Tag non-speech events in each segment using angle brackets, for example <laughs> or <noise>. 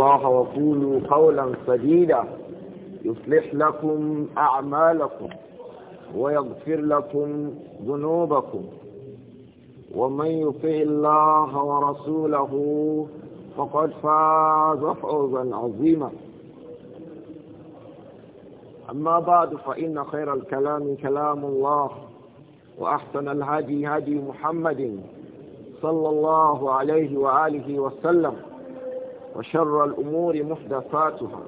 الله وقولوا قولا سديدا يصلح لكم أعمالكم ويغفر لكم ذنوبكم ومن يطع الله ورسوله فقد فاز فوزا عظيما أما بعد فإن خير الكلام كلام الله وأحسن الهدي هدي محمد صلى الله عليه وآله وسلم وشر الأمور محدثاتها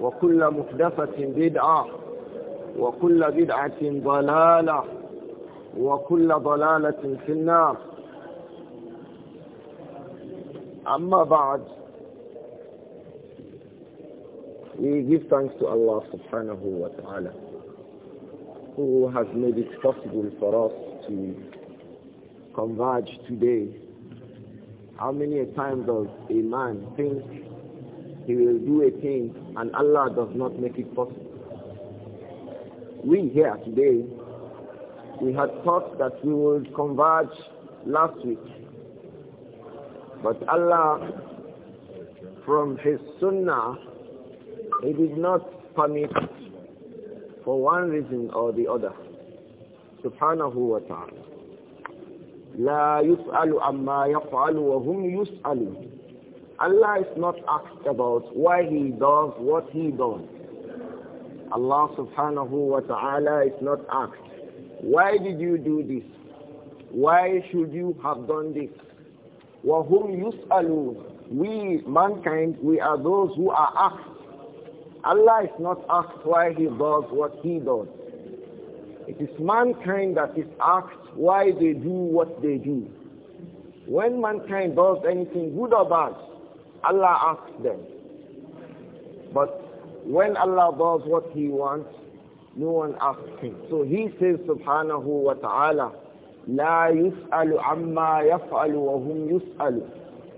وكل محدثة بدعة وكل بدعة ضلالة وكل ضلالة في النار أما بعد We give thanks to Allah subhanahu wa ta'ala who has made it possible for us to converge today How many times does a man think he will do a thing and Allah does not make it possible? We here today, we had thought that we would converge last week. But Allah, from His Sunnah, He did not permit for one reason or the other. Subhanahu wa ta'ala. لا يسأل عما يفعل وهم يسألون Allah is not asked about why he does what he does. Allah subhanahu wa ta'ala is not asked, why did you do this? Why should you have done this? وَهُمْ يُسْأَلُونَ We, mankind, we are those who are asked. Allah is not asked why he does what he does. It is mankind that is asked why they do what they do. When mankind does anything good or bad, Allah asks them. But when Allah does what he wants, no one asks him. So he says subhanahu wa ta'ala, La yus'alu amma yaf'alu wa hum yus'alu.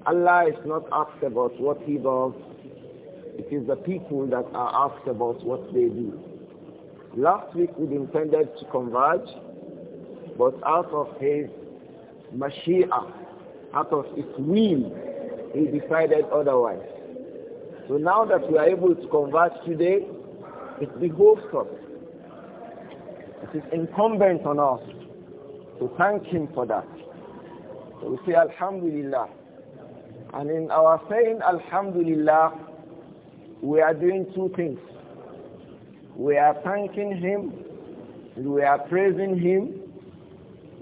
Allah is not asked about what he does. It is the people that are asked about what they do. Last week we intended to converge but out of his mashia, out of his will, he decided otherwise. So now that we are able to converse today, it behoves us. It is incumbent on us to thank him for that. So we say Alhamdulillah. And in our saying Alhamdulillah, we are doing two things. We are thanking him, we are praising him,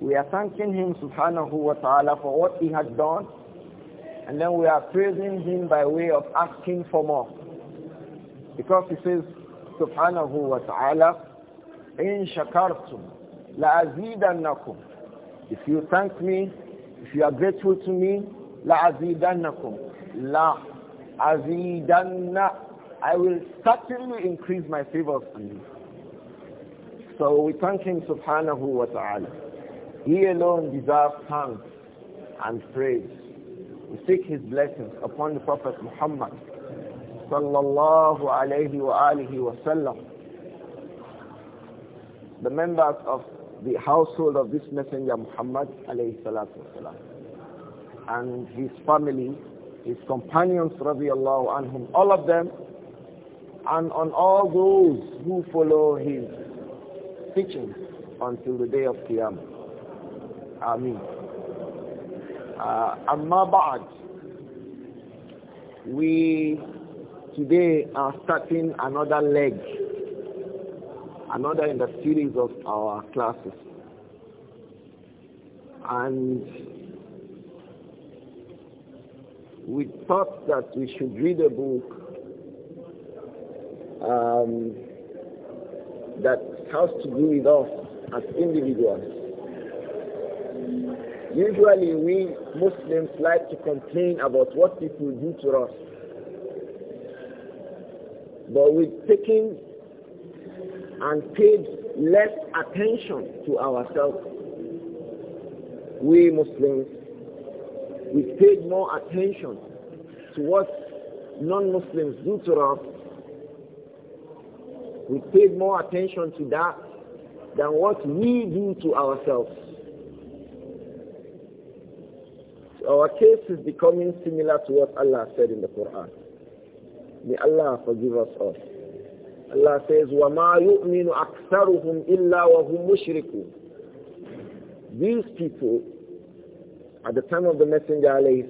we are thanking him subhanahu wa ta'ala for what he has done. And then we are praising him by way of asking for more. Because he says subhanahu wa ta'ala, in shakartum la azidannakum. If you thank me, if you are grateful to me, la azidannakum. La azidanna. I will certainly increase my favors on you. So we thank him subhanahu wa ta'ala. He alone deserves thanks and praise. We seek his blessings upon the Prophet Muhammad sallallahu alayhi wa alihi wasallam. The members of the household of this messenger Muhammad alayhi salatu wasalam and his family, his companions radiallahu anhum, all of them and on all those who follow his teachings until the day of Qiyamah. Ameen. Uh, Amma ba we today are starting another leg, another in the series of our classes. And we thought that we should read a book um, that has to do with us as individuals. Usually we Muslims like to complain about what people do to us. But we're taking and paid less attention to ourselves. We Muslims, we paid more attention to what non-Muslims do to us. We paid more attention to that than what we do to ourselves. our case is becoming similar to what Allah said in the Quran. May Allah forgive us all. Allah says, وَمَا يُؤْمِنُ أَكْثَرُهُمْ إِلَّا وَهُمْ مُشْرِكُونَ These people, at the time of the Messenger alayhi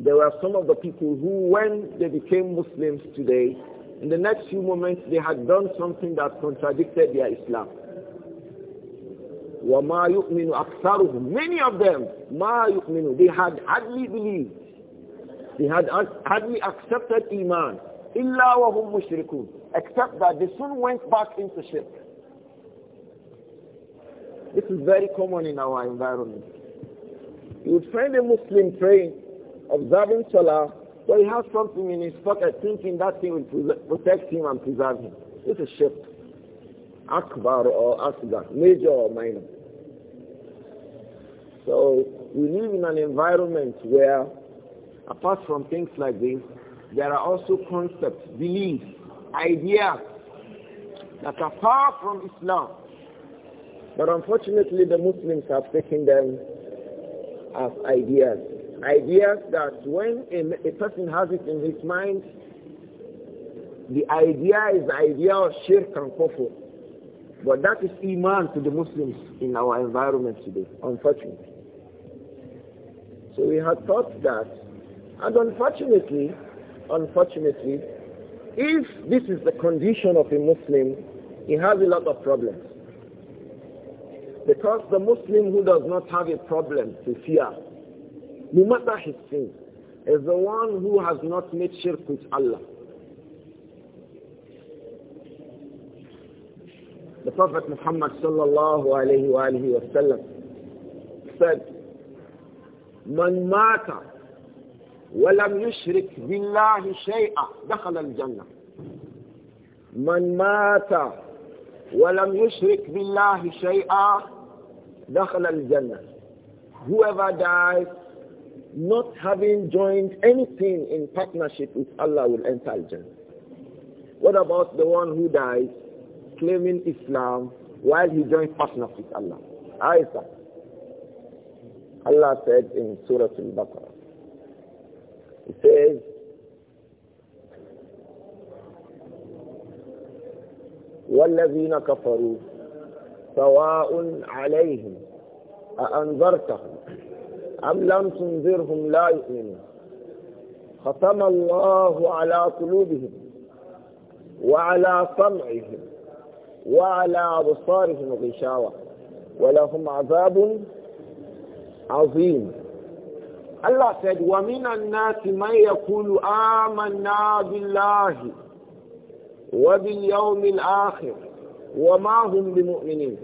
there were some of the people who, when they became Muslims today, in the next few moments they had done something that contradicted their Islam. وَمَا يُؤْمِنُ أَكْثَرُهُمْ Many of them, مَا يُؤْمِنُ They had hardly believed. They had hardly accepted Iman. إِلَّا وَهُمْ مُشْرِكُونَ Except that they soon went back into shirk. This is very common in our environment. You would find a Muslim praying, observing Salah, but he has something in his pocket thinking that thing will protect him and preserve him. It's a shirk. Akbar or Asgar, major or minor. So we live in an environment where, apart from things like this, there are also concepts, beliefs, ideas that are far from Islam. But unfortunately, the Muslims have taken them as ideas. Ideas that when a, a person has it in his mind, the idea is the idea of shirk and kufr. But that is iman to the Muslims in our environment today, unfortunately. So we had thought that, and unfortunately, unfortunately, if this is the condition of a Muslim, he has a lot of problems. Because the Muslim who does not have a problem to fear, no matter his sin, is the one who has not made shirk with Allah. The Prophet Muhammad sallallahu alayhi wa sallam said, من مات ولم يشرك بالله شيئا دخل الجنة من مات ولم يشرك بالله شيئا دخل الجنة whoever dies not having joined anything in partnership with Allah will enter Jannah. What about the one who dies claiming Islam while he joins partnership with Allah? Aisha, Allah said in Surah Al-Baqarah, it says, والذين كفروا سواء عليهم أأنذرتهم أم لم تنذرهم لا يؤمنون ختم الله على قلوبهم وعلى سمعهم وعلى أبصارهم غشاوة ولهم عذاب Allah said, وَمِنَ النَّاسِ مَنْ يَقُولُ آمَنَّا بِاللَّهِ وَبِالْيَوْمِ الْآخِرِ وَمَا هُمْ بِمُؤْمِنِينَ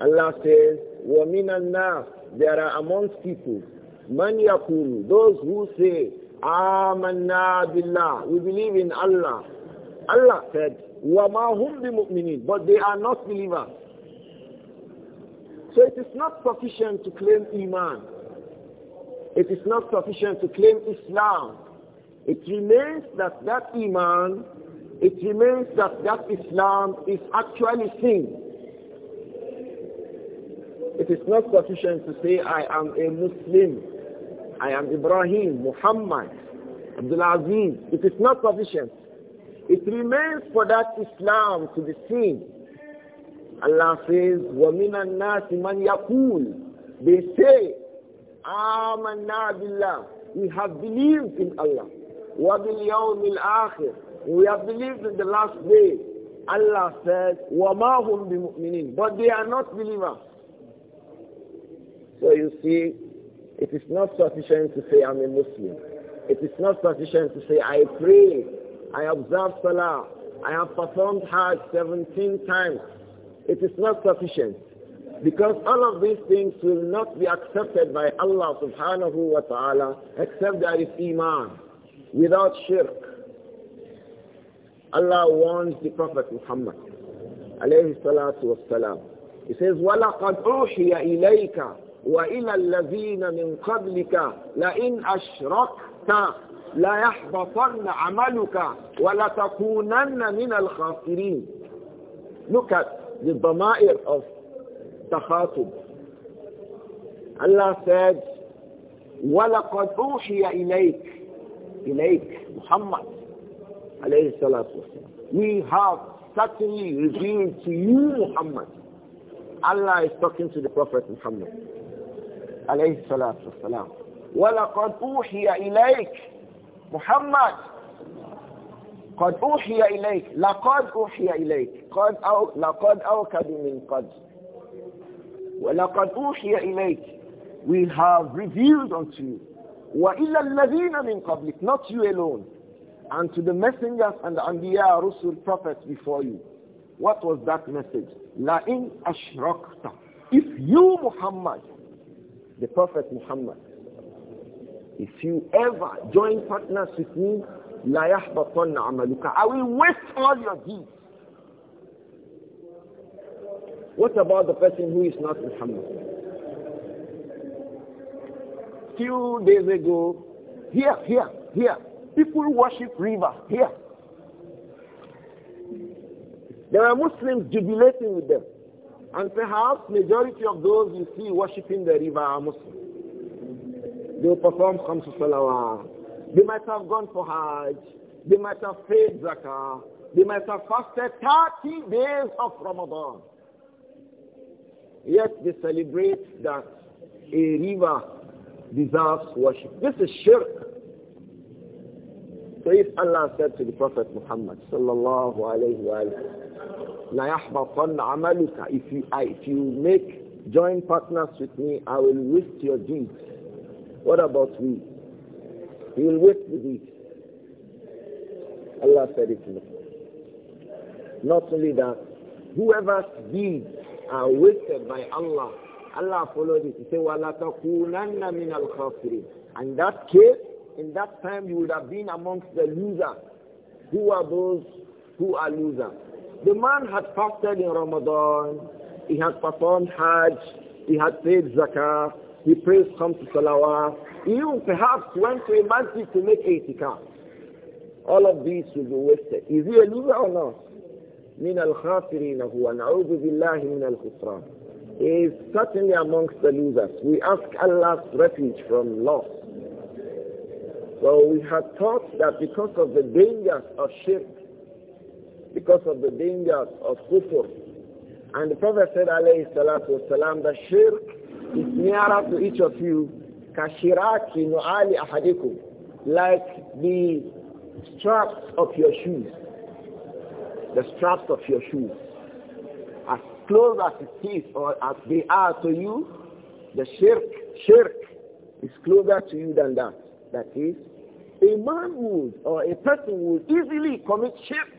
Allah says, وَمِنَ النَّاسِ There are amongst people, مَنْ يَقُولُ Those who say, آمَنَّا بِاللَّهِ We believe in Allah. Allah said, وَمَا هُمْ بِمُؤْمِنِينَ But they are not believers. So it is not sufficient to claim Iman. It is not sufficient to claim Islam. It remains that that Iman, it remains that that Islam is actually sin. It is not sufficient to say I am a Muslim. I am Ibrahim, Muhammad, Abdulaziz. It is not sufficient. It remains for that Islam to be seen Allah says, وَمِنَ النَّاسِ مَنْ يَقُولُ They say, آمَنَّا بِاللَّهِ We have believed in Allah. وَبِالْيَوْمِ الْآخِرِ We have believed in the last day. Allah says, وَمَا هُمْ بِمُؤْمِنِينَ But they are not believers. So you see, it is not sufficient to say I'm a Muslim. It is not sufficient to say I pray, I observe Salah, I have performed Hajj 17 times, it is not sufficient. Because all of these things will not be accepted by Allah subhanahu wa ta'ala except there is iman, without shirk. Allah warns the Prophet Muhammad alayhi salatu wasalam. He says, وَلَقَدْ أُوحِيَ إِلَيْكَ وَإِلَى الَّذِينَ مِنْ قَبْلِكَ لَإِنْ أَشْرَكْتَ لَيَحْبَطَنَّ عَمَلُكَ وَلَتَكُونَنَّ مِنَ الْخَاسِرِينَ Look at the Bamair of takhatub. Allah said, وَلَقَدْ أُوحِيَ إِلَيْكَ إِلَيْكَ Muhammad alayhi salatu We have certainly revealed to you Muhammad. Allah is talking to the Prophet Muhammad alayhi salatu wasalam. وَلَقَدْ أُوحِيَ إِلَيْكَ Muhammad قد أوحي إليك لقد أوحي إليك قد أو لقد أوكد من قد ولقد أوحي إليك we have revealed unto you وإلى الذين من قبلك not you alone and to the messengers and the anbiya rusul prophets before you what was that message La in ashrakta if you muhammad the prophet muhammad if you ever join partners with me La amaluka. I will waste all your deeds. What about the person who is not Muhammad? Few days ago, here, here, here, people worship river, here. There are Muslims jubilating with them. And perhaps majority of those you see worshipping the river are Muslims. They perform Khamsu Salawat. They might have gone for Hajj. They might have paid Zakah. They might have fasted 30 days of Ramadan. Yet they celebrate that a river deserves worship. This is shirk. So if Allah said to the Prophet Muhammad sallallahu alayhi wa alayhi, if you, if you make joint partners with me, I will waste your deeds. What about we? He will wait the deeds. Allah said it to me. Not only that, whoever's deeds are wasted by Allah, Allah followed it. He said, وَلَتَكُونَنَّ مِنَ الْخَاسِرِينَ And in that case, in that time, you would have been amongst the losers. Who are those who are losers? The man had fasted in Ramadan. He had performed Hajj. He had paid Zakah he prays comes to salawat. You perhaps went to a masjid to make itikaf. All of these will be wasted. Is he a loser or not? من الخاسرين هو نعوذ بالله من الخسران. He is certainly amongst the losers. We ask Allah's refuge from loss. So we had thought that because of the dangers of shirk, because of the dangers of kufr, and the Prophet said alayhi salatu wasalam, the shirk is nearer to each of you, kashiraki no ali ahadikum, like the straps of your shoes. The straps of your shoes. As close as it is or as they are to you, the shirk, shirk is closer to you than that. That is, a man would or a person would easily commit shirk.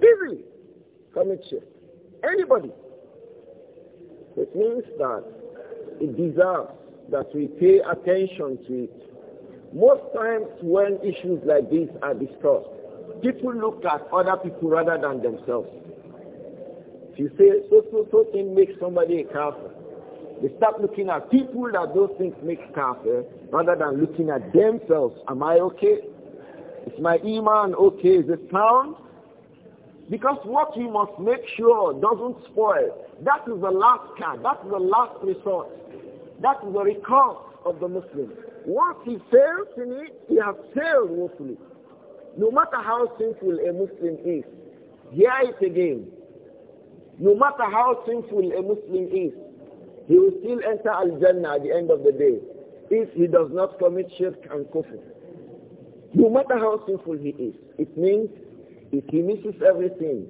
Easily commit shirk. Anybody. It means that it deserves that we pay attention to it. Most times when issues like this are discussed, people look at other people rather than themselves. If you say so so so thing makes somebody a kafir, they start looking at people that those things make kafir rather than looking at themselves. Am I okay? Is my iman okay? Is it sound? Because what you must make sure doesn't spoil, that is the last card. that is the last resort. That is the recourse of the Muslim. Once he fails in it, he has failed woefully. No matter how sinful a Muslim is, hear it again. No matter how sinful a Muslim is, he will still enter Al-Jannah at the end of the day if he does not commit shirk and kufr. No matter how sinful he is, it means if he misses everything,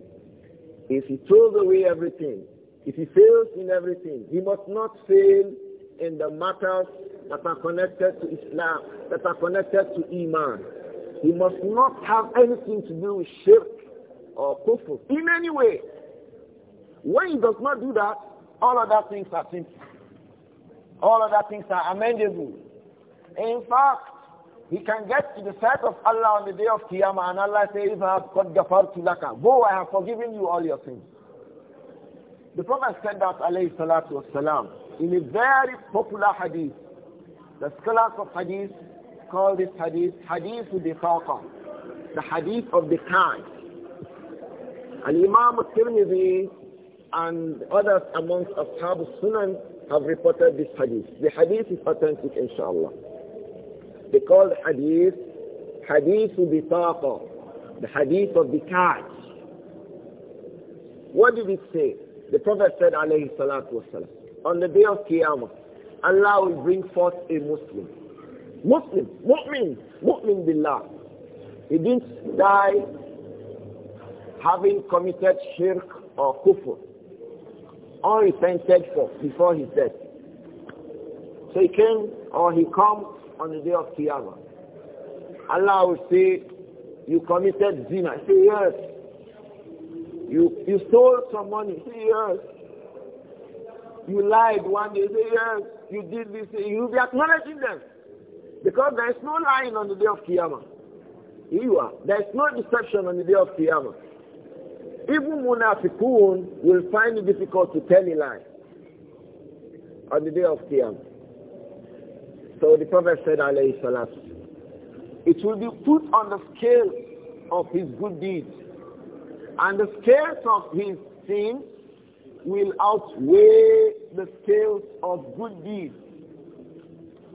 if he throws away everything, if he fails in everything, he must not fail in the matters that are connected to Islam, that are connected to Iman. He must not have anything to do with shirk or kufr in any way. When he does not do that, all other things are simple. All other things are amendable. In fact, he can get to the sight of Allah on the day of Qiyamah and Allah says, Go, I have forgiven you all your sins. The Prophet said that, alayhi salatu wasalam, in a very popular hadith. The scholars of hadith call this hadith, hadith of the faqa, the hadith of the kind. And Imam al-Tirmidhi and others amongst Ashab sunan have reported this hadith. The hadith is authentic, inshallah. They call the hadith hadith bitaqa, the hadith of the catch. What did it say? The Prophet said, alayhi salatu wasalam, on the day of Qiyamah, Allah will bring forth a Muslim. Muslim, mu'min, mu'min billah. He didn't die having committed shirk or kufr, repented for before his death. So he came or he comes on the day of Qiyamah. Allah will say, you committed zina. Say, yes. You, you stole some money. Say, yes. You lied one day. Say, yes. You did this. You will be acknowledging them. Because there is no lying on the day of Qiyamah. Here you are. There is no deception on the day of Qiyamah. Even Munafiqun will find it difficult to tell a lie on the day of Qiyamah. So the Prophet said, it will be put on the scale of his good deeds. And the scales of his sins will outweigh the scales of good deeds.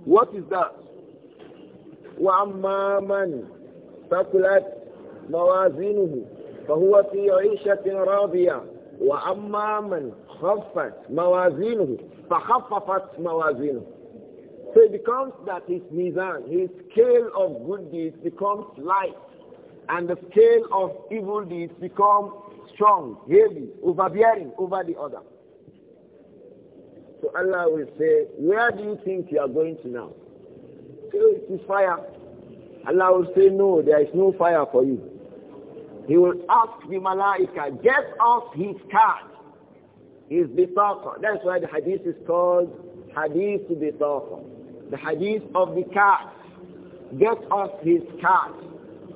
What is that? وأما من ثقلت موازينه فهو في عيشة راضية وأما من خفت موازينه فخففت موازينه so it becomes that his mizan, his scale of good deeds becomes light, and the scale of evil deeds becomes strong, heavy, overbearing over the other. So Allah will say, where do you think you are going to now? so it is fire. Allah will say, no, there is no fire for you. He will ask the malaika, get off his card, his bitaqa. That's why the hadith is called hadith to bitaqa. The hadith of the cat. Get us his cat.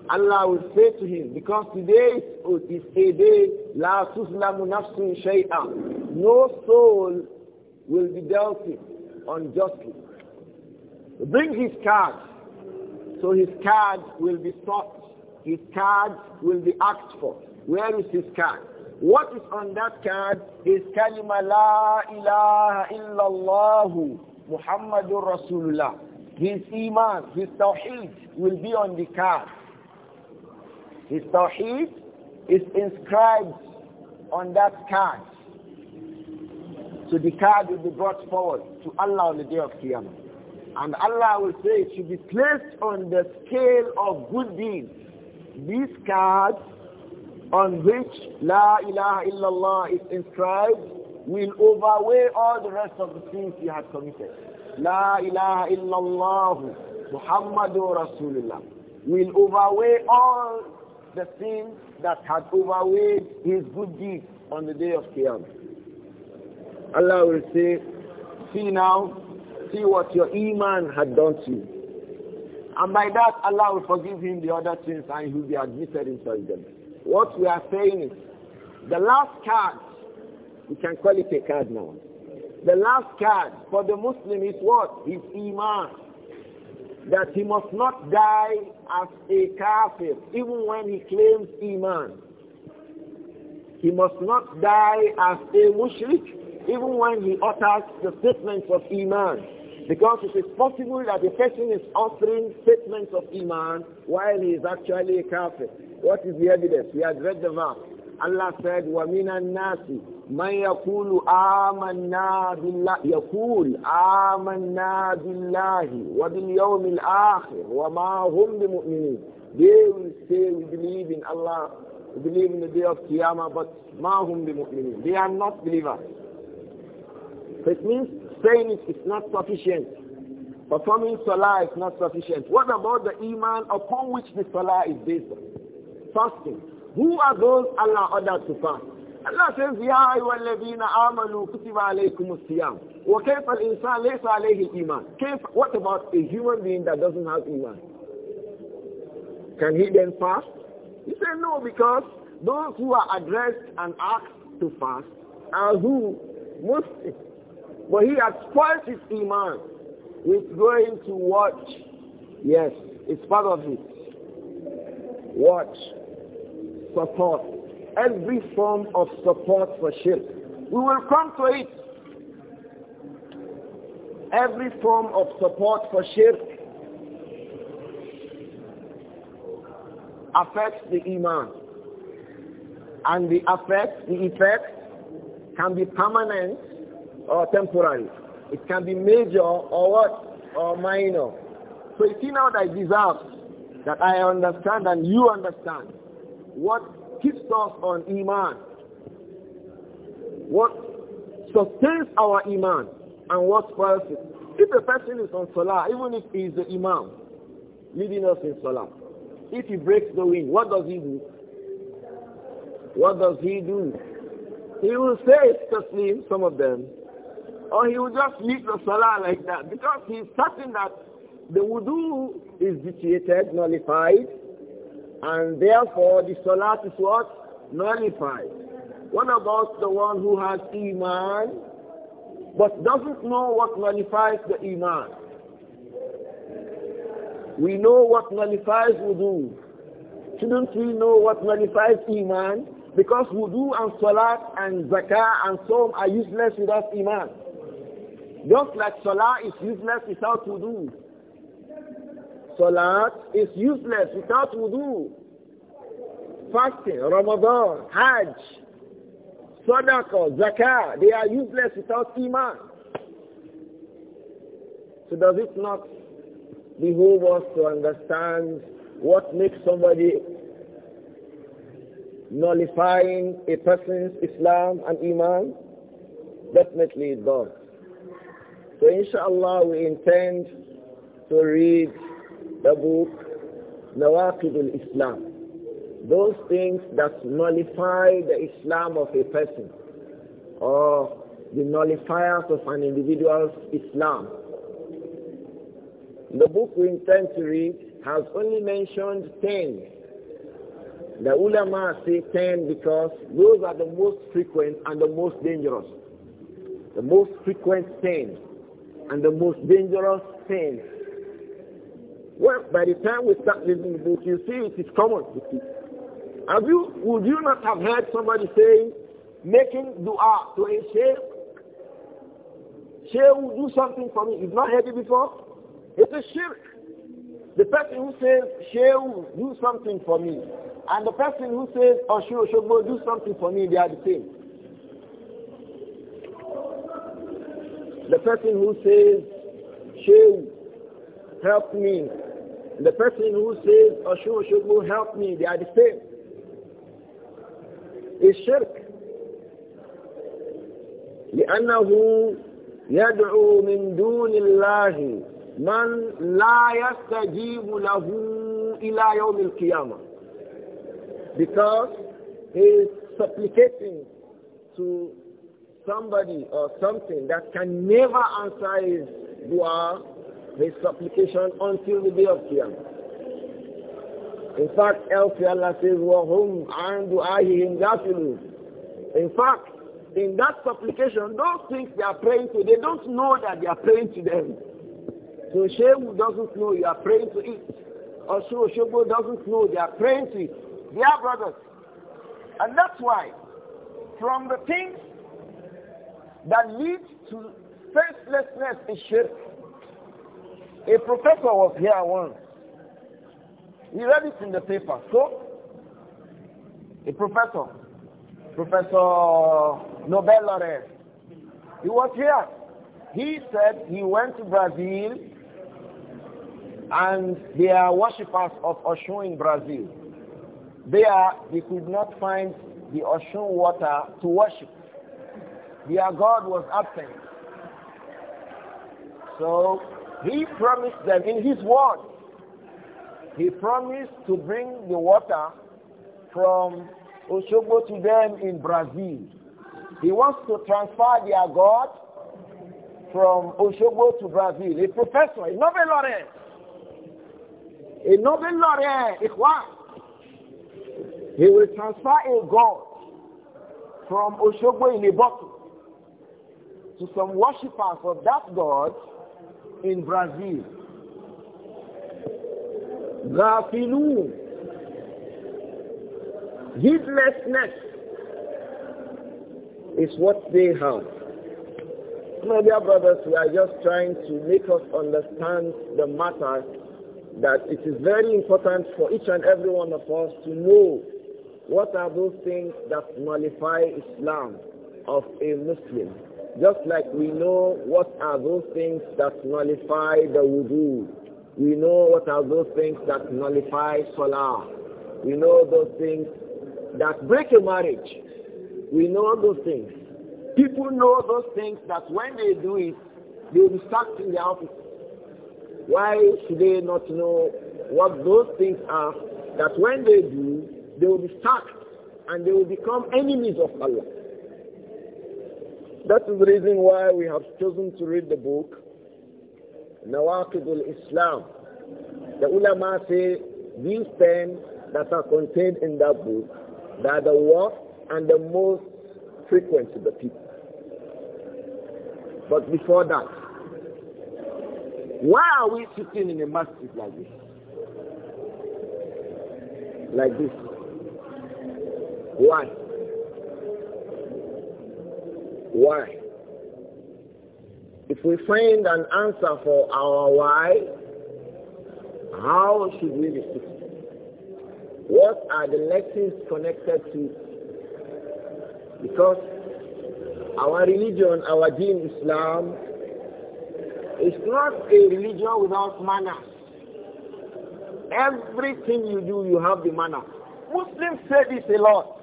Allah will say to him, because today is a day, La Tuslamu Nafsun Shay'a. No soul will be dealt with unjustly. Bring his card. So his card will be sought. His card will be asked for. Where is his card? What is on that card is kalima la ilaha illallah Muhammadur Rasulullah. His iman, his tawheed will be on the card. His tawheed is inscribed on that card. So the card will be brought forward to Allah on the day of Qiyamah. And Allah will say it should be placed on the scale of good deeds. This card, on which La ilaha illallah is inscribed will overweigh all the rest of the sins he had committed. La ilaha illallah Muhammadur Rasulullah will overweigh all the sins that had overweighed his good deeds on the day of Qiyamah. Allah will say, see now, see what your iman had done to you. And by that, Allah will forgive him the other sins and he will be admitted into Jannah. What we are saying is, the last card you can call it a card now. The last card for the Muslim is what? His Iman. That he must not die as a kafir, even when he claims Iman. He must not die as a mushrik, even when he utters the statements of Iman. Because it is possible that the person is uttering statements of Iman while he is actually a kafir. What is the evidence? We have read the verse. Allah said, وَمِنَ النَّاسِ مَنْ يَقُولُ آمَنَّا بِاللَّهِ يَقُولُ آمَنَّا بِاللَّهِ وَبِالْيَوْمِ الْآخِرِ وَمَا هُمْ بِمُؤْمِنِينَ They will say, we believe in Allah, we believe in the day of Qiyamah, but مَا هُمْ بِمُؤْمِنِينَ They are not believers. So it means saying it is not sufficient. Performing salah is not sufficient. What about the iman upon which the salah is based on? Fasting. Who are those Allah ordered to fast? Allah says, "Ya أيها الذين آمنوا كتب عليكم الصيام وكيف الإنسان ليس عليه إيمان كيف What about a human being that doesn't have Iman? Can he then fast? He said no because those who are addressed and asked to fast are who? Muslims. But he has spoiled his Iman with going to watch. Yes, it's part of it. Watch support, every form of support for shirk. We will come to it. Every form of support for shirk affects the iman. And the effect, the effect can be permanent or temporary. It can be major or what? Or minor. So you see now that I deserve that I understand and you understand what keeps us on Iman, what sustains our Iman, and what spoils it. If a person is on Salah, even if he is the Imam, leading us in Salah, if he breaks the wind, what does he do? What does he do? He will say Taslim, some of them, or he will just leave the Salah like that because he's certain that the wudu is vitiated, nullified, and therefore, the salat is what? Nullified. What about the one who has iman, but doesn't know what nullifies the iman? We know what nullifies wudu. Shouldn't we know what nullifies iman? Because wudu and salat and zakah and so are useless without iman. Just like salah is useless without wudu. Salat is useless without wudu. Fasting, Ramadan, Hajj, Sadaqah, Zakah, they are useless without Iman. So does it not behoove us to understand what makes somebody nullifying a person's Islam and Iman? Definitely it does. So inshallah we intend to read the book Nawaqid al-Islam. Those things that nullify the Islam of a person or the nullifiers of an individual's Islam. The book we intend to read has only mentioned 10. The ulama say 10 because those are the most frequent and the most dangerous. The most frequent 10 and the most dangerous 10 well, by the time we start reading the book, you see it is common. Have you, would you not have heard somebody say, making dua to a sheikh, sheikh will do something for me. You've not heard it before? It's a shirk. The person who says, sheikh will do something for me, and the person who says, oh, sheikh, do something for me, they are the same. The person who says, sheikh help me. The person who says, Ashur Shubu, help me, they are the same. It's shirk. لأنه يدعو من دون الله من لا يستجيب له إلى يوم القيامة because he is supplicating to somebody or something that can never answer his dua his supplication until the day of Qiyamah. In fact, elsewhere Allah says, وَهُمْ عَنْ ahihim غَافِلُونَ In fact, in that supplication, those things they are praying to, they don't know that they are praying to them. So Shehu doesn't know you are praying to it. Or so doesn't know they are praying to it. They are brothers. And that's why, from the things that lead to faithlessness is shirk. A professor was here once. He read it in the paper. So, a professor, Professor Nobel laureate, he was here. He said he went to Brazil and they are worshippers of Oshun in Brazil. There they could not find the Oshun water to worship. Their God was absent. So he promised them in his word. He promised to bring the water from Oshogbo to them in Brazil. He wants to transfer their God from Oshogbo to Brazil. A professor, a Nobel laureate. A Nobel laureate, He will transfer a God from Oshogbo in a bottle to some worshippers of that God in Brazil. Ghafilun. Heedlessness is what they have. My dear brothers, we are just trying to make us understand the matter that it is very important for each and every one of us to know what are those things that nullify Islam of a Muslim. Just like we know what are those things that nullify the wudu. We know what are those things that nullify salah. We know those things that break a marriage. We know those things. People know those things that when they do it, they will be sacked in the office. Why should they not know what those things are that when they do, they will be sacked and they will become enemies of Allah? That is the reason why we have chosen to read the book, Nawaqid al-Islam. The ulama say these ten that are contained in that book, are the worst and the most frequent to the people. But before that, why are we sitting in a masjid like this? Like this. Why? Why? If we find an answer for our why, how should we respond? What are the lessons connected to? Because our religion, our deen Islam, is not a religion without manners. Everything you do, you have the manner. Muslims say this a lot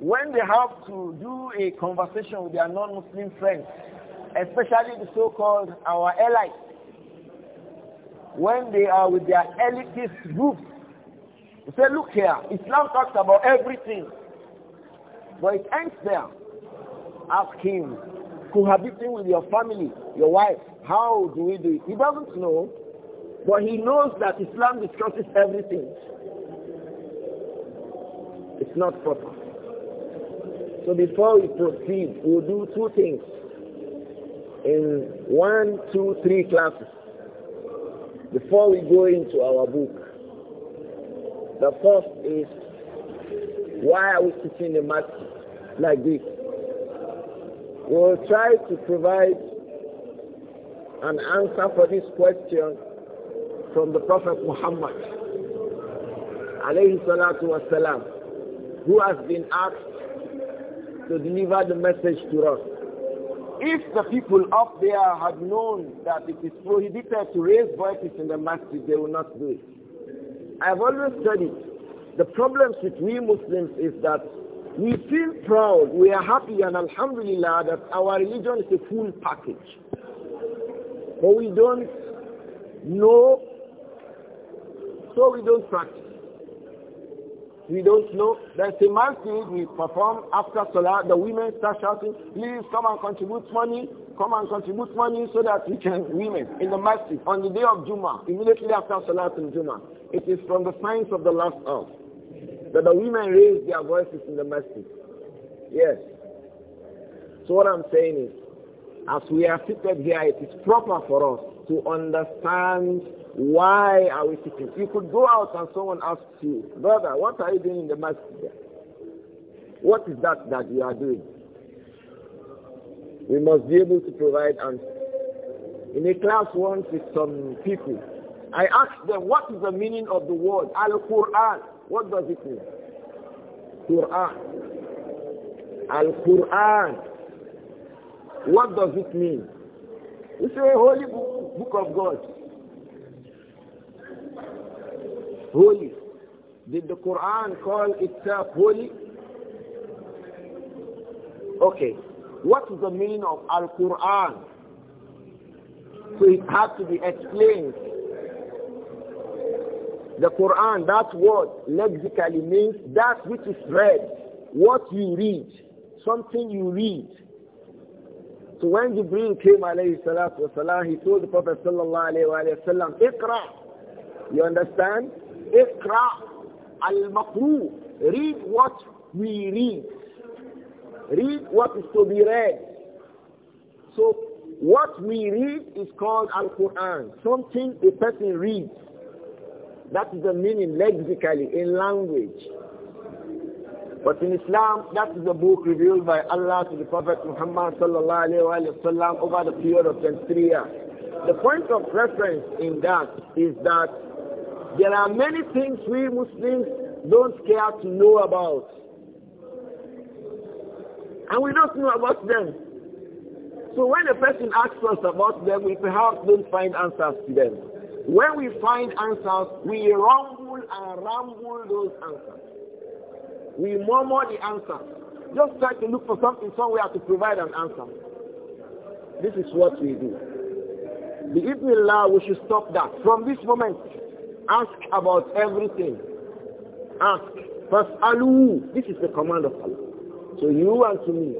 when they have to do a conversation with their non-Muslim friends, especially the so-called our allies, when they are with their elitist groups, they say, look here, Islam talks about everything, but it ends there. Ask him, cohabiting with your family, your wife, how do we do it? He doesn't know, but he knows that Islam discusses everything. It's not proper. So before we proceed, we'll do two things in one, two, three classes before we go into our book. The first is why are we teaching the math like this? We'll try to provide an answer for this question from the Prophet Muhammad alayhi salatu wasalam, who has been asked to deliver the message to us. If the people up there had known that it is prohibited to raise voices in the masjid, they would not do it. I've always said it. The problems with we Muslims is that we feel proud, we are happy, and alhamdulillah that our religion is a full package. But we don't know, so we don't practice we don't know. There's a masjid we perform after Salah. The women start shouting, please come and contribute money. Come and contribute money so that we can, women, in the masjid, on the day of Juma immediately after Salah and Juma. It is from the signs of the last hour that the women raise their voices in the masjid. Yes. So what I'm saying is, as we are seated here, it is proper for us to understand why are we sitting? You could go out and someone asks you, brother, what are you doing in the masjid? What is that that you are doing? We must be able to provide answers. In a class once with some people, I asked them, what is the meaning of the word Al-Quran? What does it mean? Quran. Al-Quran. What does it mean? It's a holy book, book of God. holy. Did the Quran call itself holy? Okay. What is the meaning of Al-Quran? So it has to be explained. The Quran, that word lexically means that which is read, what you read, something you read. So when Jibreel came alayhi salatu wasalam, he told the Prophet sallallahu alayhi wa sallam, Iqra. You understand? Iqra al-maqru. Read what we read. Read what is to be read. So what we read is called Al-Quran. Something a person reads. That is the meaning lexically in language. But in Islam, that is the book revealed by Allah to the Prophet Muhammad sallallahu alayhi sallam over the period of 23 years. The point of reference in that is that there are many things we Muslims don't care to know about. And we don't know about them. So when a person asks us about them, we perhaps don't find answers to them. When we find answers, we rumble and ramble those answers. We murmur the answers. Just try to look for something somewhere to provide an answer. This is what we do. The Ibn Allah, we should stop that from this moment. Ask about everything. Ask. Fas'alu. This is the command of Allah. So you and to me.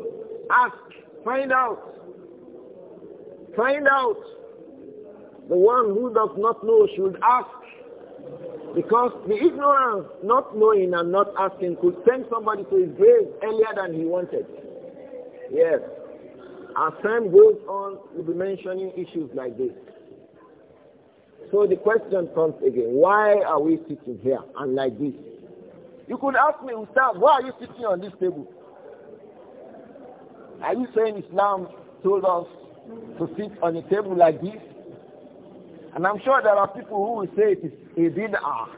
Ask. Find out. Find out. The one who does not know should ask. Because the ignorance, not knowing and not asking could send somebody to his grave earlier than he wanted. Yes. As time goes on, we'll be mentioning issues like this. So the question comes again, why are we sitting here and like this? You could ask me, Ustaz, why are you sitting on this table? Are you saying Islam told us to sit on a table like this? And I'm sure there are people who will say it is a bid'ah.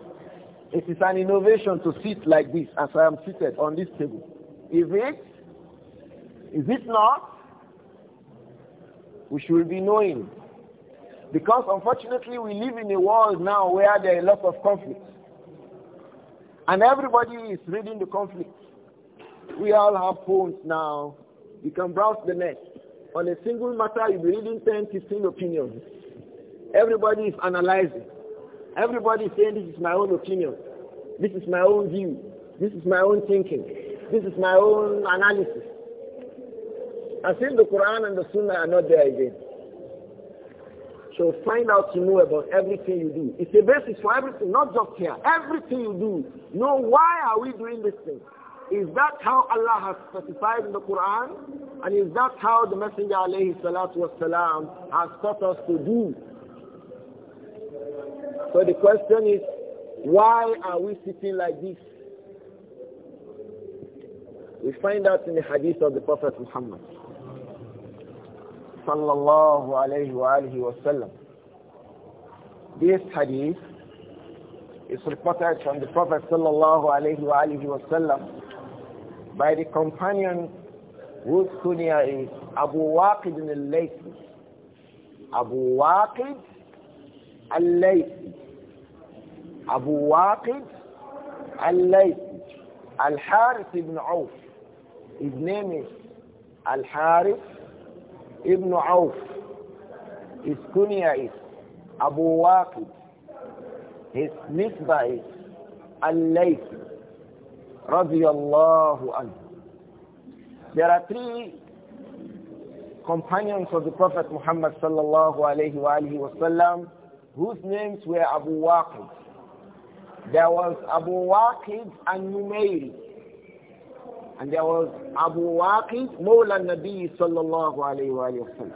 It is an innovation to sit like this as I am seated on this table. Is it? Is it not? We should be knowing because unfortunately we live in a world now where there are a lot of conflicts. And everybody is reading the conflict. We all have phones now. You can browse the net. On a single matter, you'll be reading 10, 15 opinions. Everybody is analyzing. Everybody is saying, this is my own opinion. This is my own view. This is my own thinking. This is my own analysis. I think the Quran and the Sunnah are not there again shall find out to know about everything you do. It's a basis for everything, not just here. Everything you do. Know why are we doing this thing? Is that how Allah has specified in the Quran? And is that how the Messenger alayhi salatu wasalam has taught us to do? So the question is, why are we sitting like this? We find out in the hadith of the Prophet Muhammad sallallahu alayhi wasallam. This hadith is reported from the Prophet sallallahu Alaihi wasallam by the companion whose kunya is Abu Waqid al-Laythi. Abu Waqid al-Laythi. Abu Waqid al-Laythi. Al-Harith ibn Auf. His name is Al-Harith Ibn Auf. His kunya is Abu Waqid. His nisba is Al-Layth. Radiyallahu There are three companions of the Prophet Muhammad sallallahu alayhi wa alihi whose names were Abu Waqid. There was Abu Waqid and Numayri. And there was Abu Waqid, Mawla Nabi sallallahu alayhi wa, alayhi wa sallam.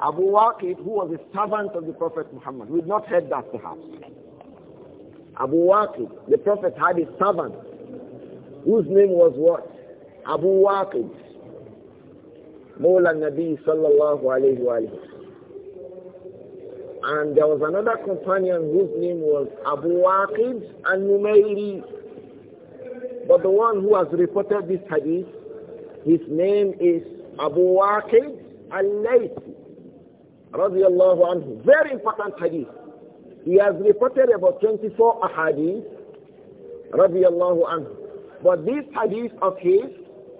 Abu Waqid, who was a servant of the Prophet Muhammad. We've not heard that perhaps. Abu Waqid, the Prophet had a servant whose name was what? Abu Waqid. Mawla Nabi sallallahu alayhi wa, alayhi wa and there was another companion whose name was Abu Waqid and numayri but the one who has reported this hadith, his name is Abu Waqid al-Laythi, radiallahu anhu. Very important hadith. He has reported about 24 hadith, radiallahu anhu. But this hadith of his,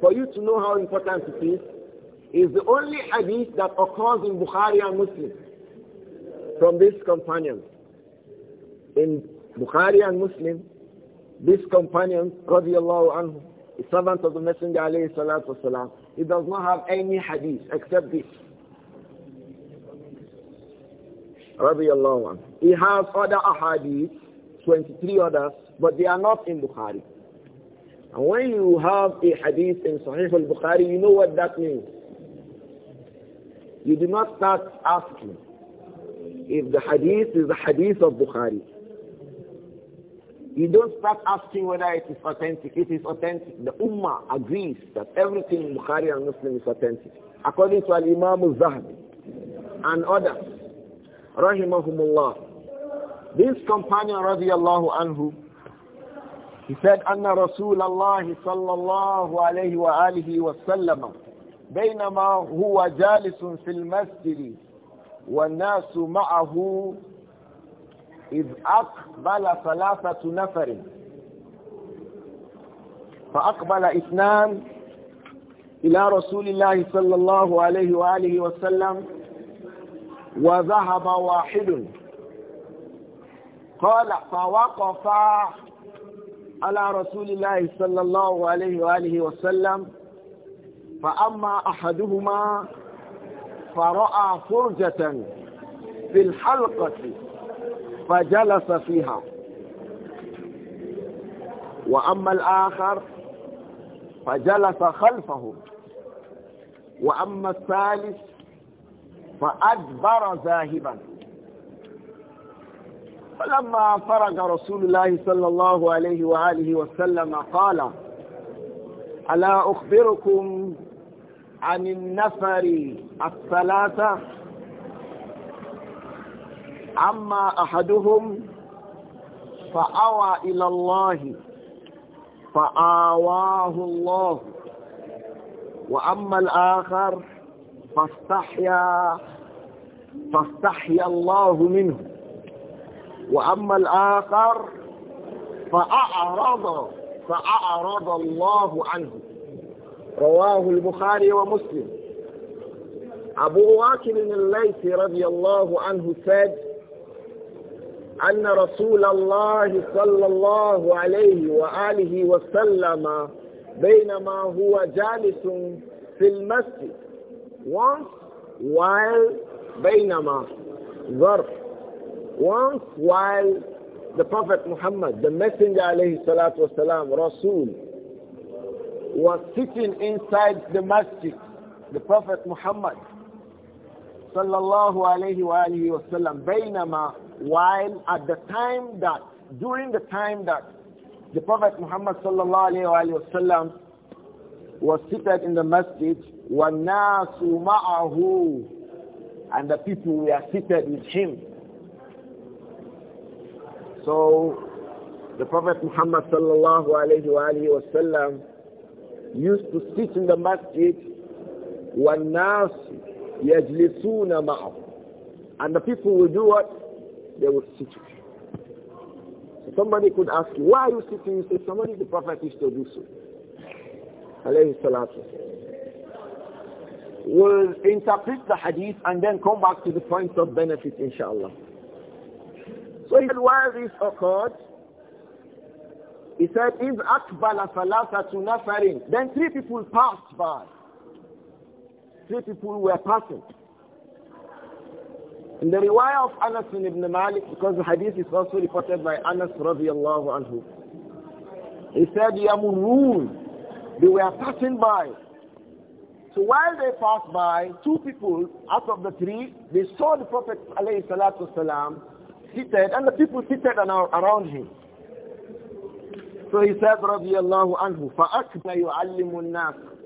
for you to know how important it is, is the only hadith that occurs in Bukhari and Muslim from this companion. In Bukhari and Muslim, this companion, radiallahu anhu, a servant of the Messenger, alayhi salatu wasalam, he does not have any hadith except this. Radiallahu anhu. He has other ahadith, 23 others, but they are not in Bukhari. And when you have a hadith in Sahih al-Bukhari, you know what that means. You do not start asking if the hadith is the hadith of Bukhari. You don't start asking whether it is authentic. It is authentic. The Ummah agrees that everything in Bukhari and Muslim is authentic. According to Al-Imam al-Zahabi and others, rahimahumullah, this companion, radiallahu anhu, he said, أن رسول الله صلى الله عليه وآله وسلم بينما هو جالس في المسجد والناس معه إذ أقبل ثلاثة نفر فأقبل اثنان إلى رسول الله صلى الله عليه وآله وسلم وذهب واحد قال فوقف على رسول الله صلى الله عليه وآله وسلم فأما أحدهما فرأى فرجة في الحلقة فجلس فيها وأما الآخر فجلس خلفه وأما الثالث فأدبر ذاهبا فلما فرغ رسول الله صلى الله عليه وآله وسلم قال ألا أخبركم عن النفر الثلاثة أما أحدهم فأوى إلى الله فآواه الله وأما الآخر فاستحيا فاستحيا الله منه وأما الآخر فأعرض فأعرض الله عنه رواه البخاري ومسلم أبو واكل الليث رضي الله عنه said أن رسول الله صلى الله عليه وآله وسلم بينما هو جالس في المسجد once while بينما ظرف once while the Prophet Muhammad the messenger عليه الصلاة والسلام رسول was sitting inside the masjid the Prophet Muhammad sallallahu alayhi wa alihi wasallam bainama while at the time that during the time that the prophet muhammad sallallahu alayhi wa sallam was seated in the masjid Nasu maahu and the people were seated with him so the prophet muhammad sallallahu alayhi wa wasallam used to sit in the masjid وَالنَّاسُ Yajlisuna مَعَهُ And the people will do what? They will sit with you. somebody could ask you, why are you sitting? You say, somebody the prophet used to do so. Alayhi salatu. We'll interpret the hadith and then come back to the point of benefit, inshallah. So he said, why this occurred? He said, إِذْ أَقْبَلَ ثَلَاثَةُ نَفَرٍ Then three people passed by three people were passing. In the riwayah of Anas ibn Malik, because the hadith is also reported by Anas radiallahu anhu, he said, Yamurun, they were passing by. So while they passed by, two people out of the three, they saw the Prophet salam seated, and the people seated around him. So he said, radiallahu anhu, فَأَكْبَ يُعَلِّمُ النَّاسِ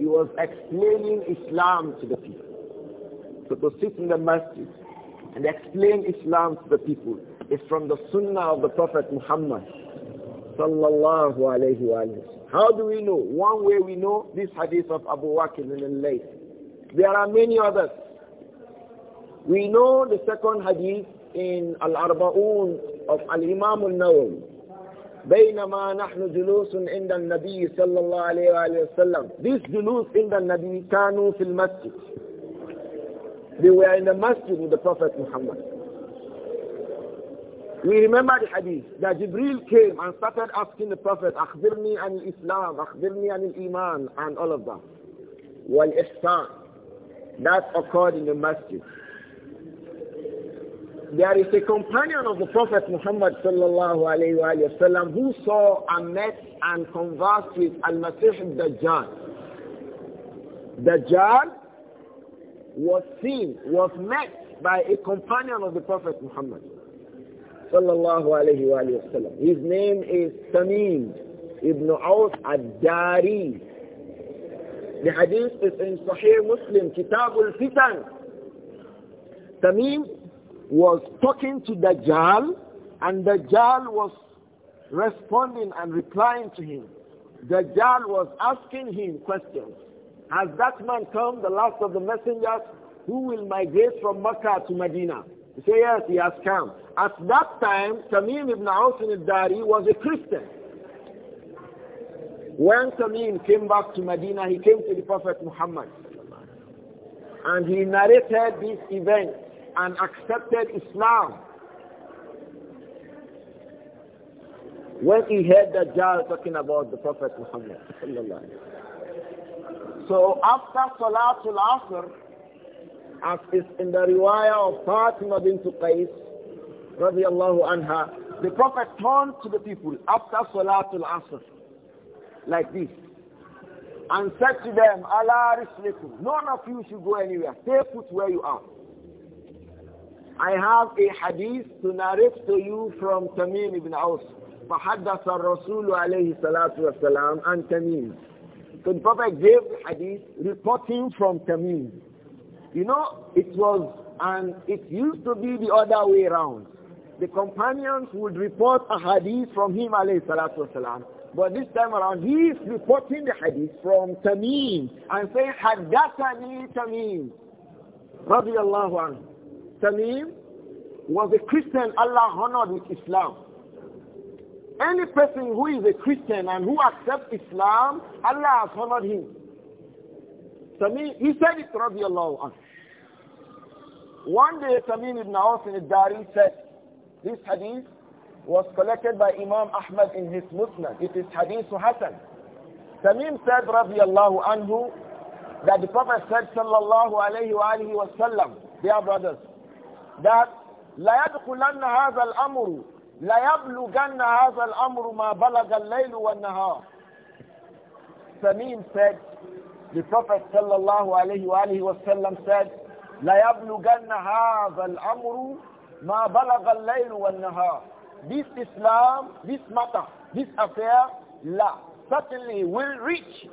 he was explaining Islam to the people. So to sit in the masjid and explain Islam to the people is from the sunnah of the Prophet Muhammad sallallahu alayhi wa How do we know? One way we know this hadith of Abu Waqil in al-Layth. There are many others. We know the second hadith in Al-Arba'un of Al-Imam al-Nawawi بينما نحن جلوس عند النبي صلى الله عليه وآله وسلم this جلوس عند النبي كانوا في المسجد they were in the masjid with the Prophet Muhammad We remember the hadith that Jibril came and started asking the Prophet, Akhbirni an Islam, Akhbirni an Iman, and all of that. Wal Ihsan. That occurred in the masjid. there is a companion of the Prophet Muhammad sallallahu alayhi wa sallam who saw and met and conversed with Al-Masih Dajjal. Dajjal was seen, was met by a companion of the Prophet Muhammad sallallahu alayhi wa sallam. His name is Tamim ibn Aus ad-Dari. The hadith is in Sahih Muslim, Kitab al-Fitan. Tamim was talking to Dajjal and Dajjal was responding and replying to him. Dajjal was asking him questions. Has that man come, the last of the messengers, who will migrate from Mecca to Medina? He said, yes, he has come. At that time, Tamim ibn Aus al-Dari was a Christian. When Tamim came back to Medina, he came to the Prophet Muhammad. And he narrated this event and accepted Islam. When he heard that Dajjal talking about the Prophet Muhammad. So after Salatul Asr, as is in the riwayah of Fatima bint Qais, radiallahu anha, the Prophet turned to the people after Salatul Asr, like this, and said to them, Allah rislikum, none of you should go anywhere, stay put where you are. I have a hadith to narrate to you from Tamim ibn Aus. فحدث الرسول عليه الصلاة والسلام عن Tamim. So the Prophet gave the hadith reporting from Tamim. You know, it was, and it used to be the other way around. The companions would report a hadith from him alayhi salatu wasalam. But this time around, he is reporting the hadith from Tamim and saying, حدثني Tamim. رضي الله عنه. Tamim was a Christian Allah honored with Islam. Any person who is a Christian and who accepts Islam, Allah has honored him. Tamim, he said it, radiallahu Allah. One day Tamim ibn Aus in Dari said, this hadith was collected by Imam Ahmad in his Musnad. It is hadith Hasan. Tamim said, Allah anhu, that the Prophet said, sallallahu alayhi wa they wa sallam, dear brothers, that لا يدخلن هذا الأمر لا يبلغن هذا الأمر ما بلغ الليل والنهار Samim said the Prophet sallallahu alayhi wa alihi wasallam said لا يبلغن هذا الأمر ما بلغ الليل والنهار This Islam, this matter, this affair, la, certainly will reach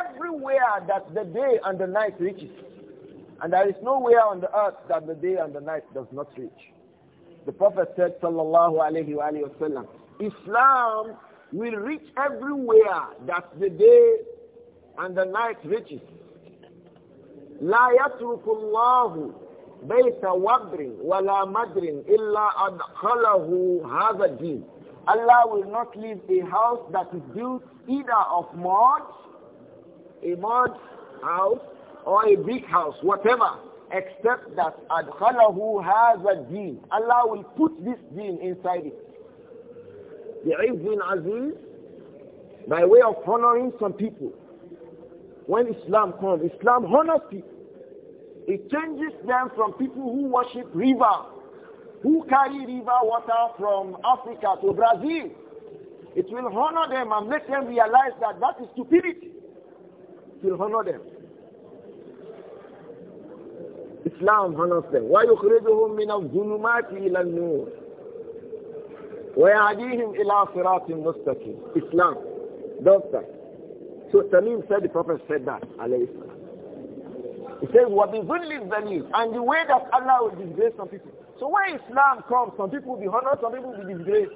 everywhere that the day and the night reaches. And there is nowhere on the earth that the day and the night does not reach. The Prophet said, sallallahu alayhi wa sallam, Islam will reach everywhere that the day and the night reaches. لا يترك الله بيت وبر ولا مدر إلا أدخله هذا الدين. Allah will not leave a house that is built either of mud, a mud house, or a big house, whatever, except that has a deen. Allah will put this deen inside it. The Ibn Aziz, by way of honoring some people. When Islam comes, Islam honors people. It changes them from people who worship river, who carry river water from Africa to Brazil. It will honor them and make them realize that that is stupidity. It will honor them. Islam honors them. وَيُخْرِجُهُمْ مِنَ الظُّلُمَاتِ إِلَى النُّورِ وَيَعْدِيهِمْ إِلَى صِرَاطٍ مُسْتَقِيمٍ Islam does So Tamim said, the Prophet said that, alayhi salam. He says, وَبِظُلِّ الظَّلِيمِ And the way that Allah will disgrace some people. So when Islam comes, some people will be honored, some people will be disgraced.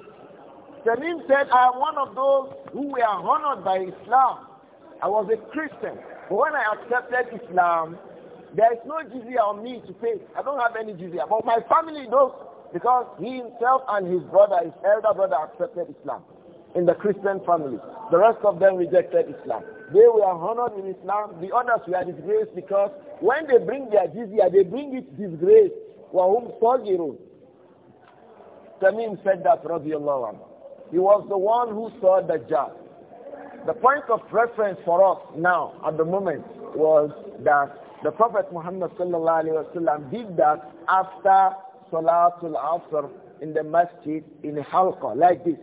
Tamim said, I am one of those who were honored by Islam. I was a Christian. But when I accepted Islam, there is no jizya on me to pay. I don't have any jizya. But my family does because he himself and his brother, his elder brother, accepted Islam in the Christian family. The rest of them rejected Islam. They were honored in Islam. The others were disgraced because when they bring their jizya, they bring it disgrace. وَهُمْ صَغِرُونَ Tamim said that, radiallahu anhu. He was the one who saw the Dajjal. The point of reference for us now, at the moment, was that the Prophet Muhammad وسلم did that after Salatul Asr in the masjid in Halqa, like this.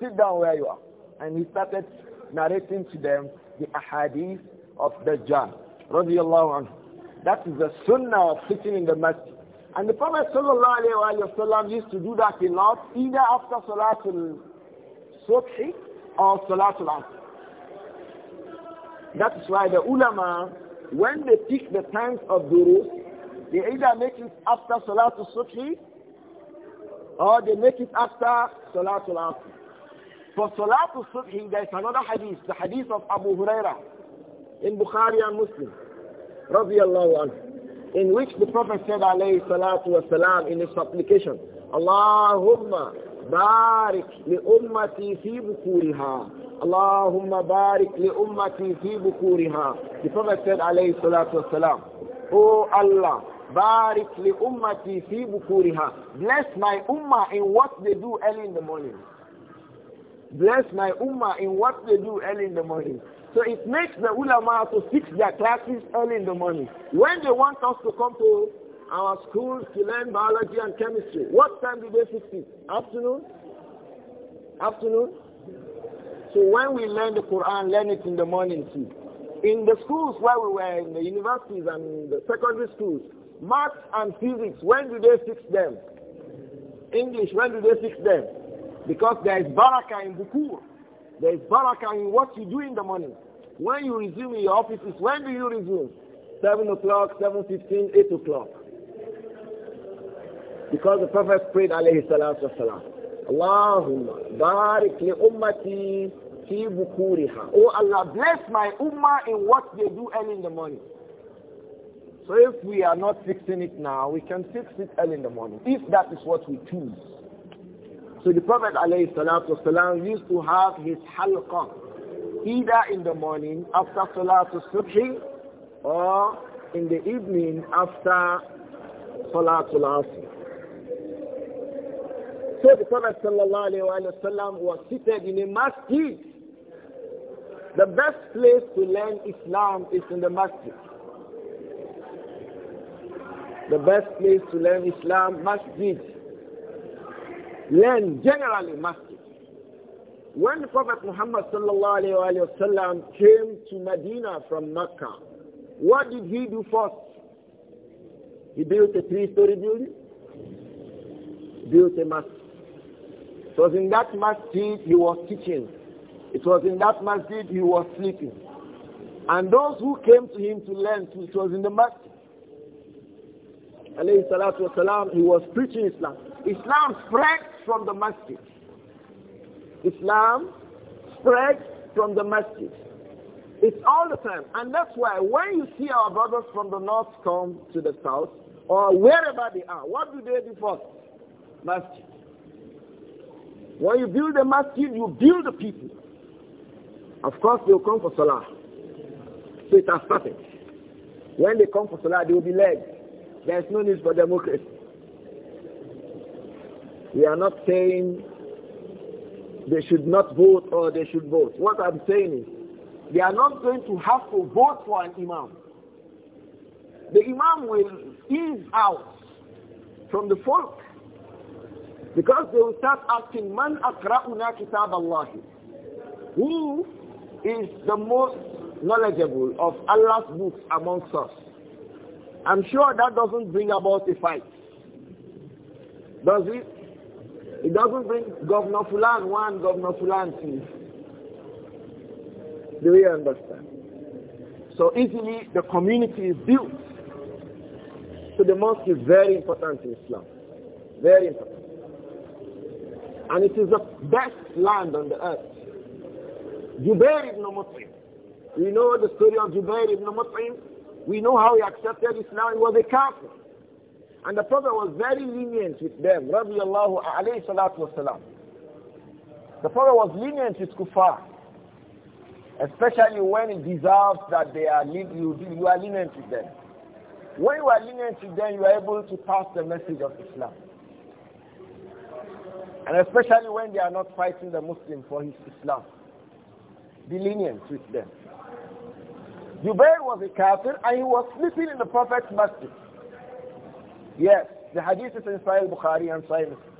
Sit down where you are. And he started narrating to them the ahadith of Dajjal, radiallahu anhu. That is the sunnah of sitting in the masjid. And the Prophet sallallahu used to do that a lot, either after Salatul Subhi or Salatul Asr. That is why the ulama when they pick the times of durus, they either make it after Salatul Sukhi or they make it after Salatul Asr. For Salatul Sukhi, there is another hadith, the hadith of Abu Huraira in Bukhari and Muslim, radiallahu anhu, in which the Prophet said, alayhi salatu wasalam, in his supplication, Allahumma barik li ummati fi bukuriha Allahumma barik li fi bukuriha. The Prophet said, alayhi salatu wasalam, O oh Allah, barik ummati fi bukuriha. Bless my ummah in what they do early in the morning. Bless my ummah in what they do early in the morning. So it makes the ulama to fix their classes early in the morning. When they want us to come to our schools to learn biology and chemistry, what time do they fix it? Afternoon? Afternoon? So when we learn the Quran, learn it in the morning too. In the schools where we were, in the universities and the secondary schools, math and physics, when do they fix them? English, when do they fix them? Because there is baraka in Bukur. There is baraka in what you do in the morning. When you resume in your offices, when do you resume? 7 o'clock, 7.15, 8 o'clock. Because the Prophet prayed, alayhi salatu wasalam, Allahumma barik li ummati Oh Allah, bless my ummah in what they do early in the morning. So if we are not fixing it now, we can fix it early in the morning, if that is what we choose. So the Prophet والسلام, used to have his halqa either in the morning after Salatul Subhi or in the evening after Salatul Asr. So the Prophet ﷺ was seated in a masjid the best place to learn Islam is in the masjid. The best place to learn Islam, masjid. Learn generally masjid. When Prophet Muhammad wasallam came to Medina from Mecca, what did he do first? He built a three-story building, built a masjid. So in that masjid he was teaching. It was in that masjid he was sleeping. And those who came to him to learn, it was in the masjid. Alayhi he was preaching Islam. Islam spread from the masjid. Islam spread from the masjid. It's all the time. And that's why when you see our brothers from the north come to the south, or wherever they are, what do they do first? Masjid. When you build a masjid, you build the people. Of course, they will come for Salah. So it has started. When they come for Salah, they will be led. There is no need for democracy. We are not saying they should not vote or they should vote. What I'm saying is they are not going to have to vote for an imam. The imam will ease out from the folk because they will start asking, Man akra'una kitab Allah? Who is the most knowledgeable of Allah's books amongst us. I'm sure that doesn't bring about a fight. Does it? It doesn't bring Governor Fulan one, Governor Fulan two. Do you understand? So easily the community is built. So the mosque is very important in Islam. Very important. And it is the best land on the earth. Jubair ibn Mut'im. We know the story of Jubair ibn Mut'im. We know how he accepted Islam. He was a kafir. And the Prophet was very lenient with them. Radiallahu alayhi salatu wasalam. The Prophet was lenient with kuffar. Especially when it deserves that they are you, you are lenient with them. When you are lenient with them, you are able to pass the message of Islam. And especially when they are not fighting the Muslim for his Islam. Be lenient with them. Jubair was a kafir and he was sleeping in the Prophet's masjid. Yes, the hadith is in Sahih Bukhari and Sahih Muslim.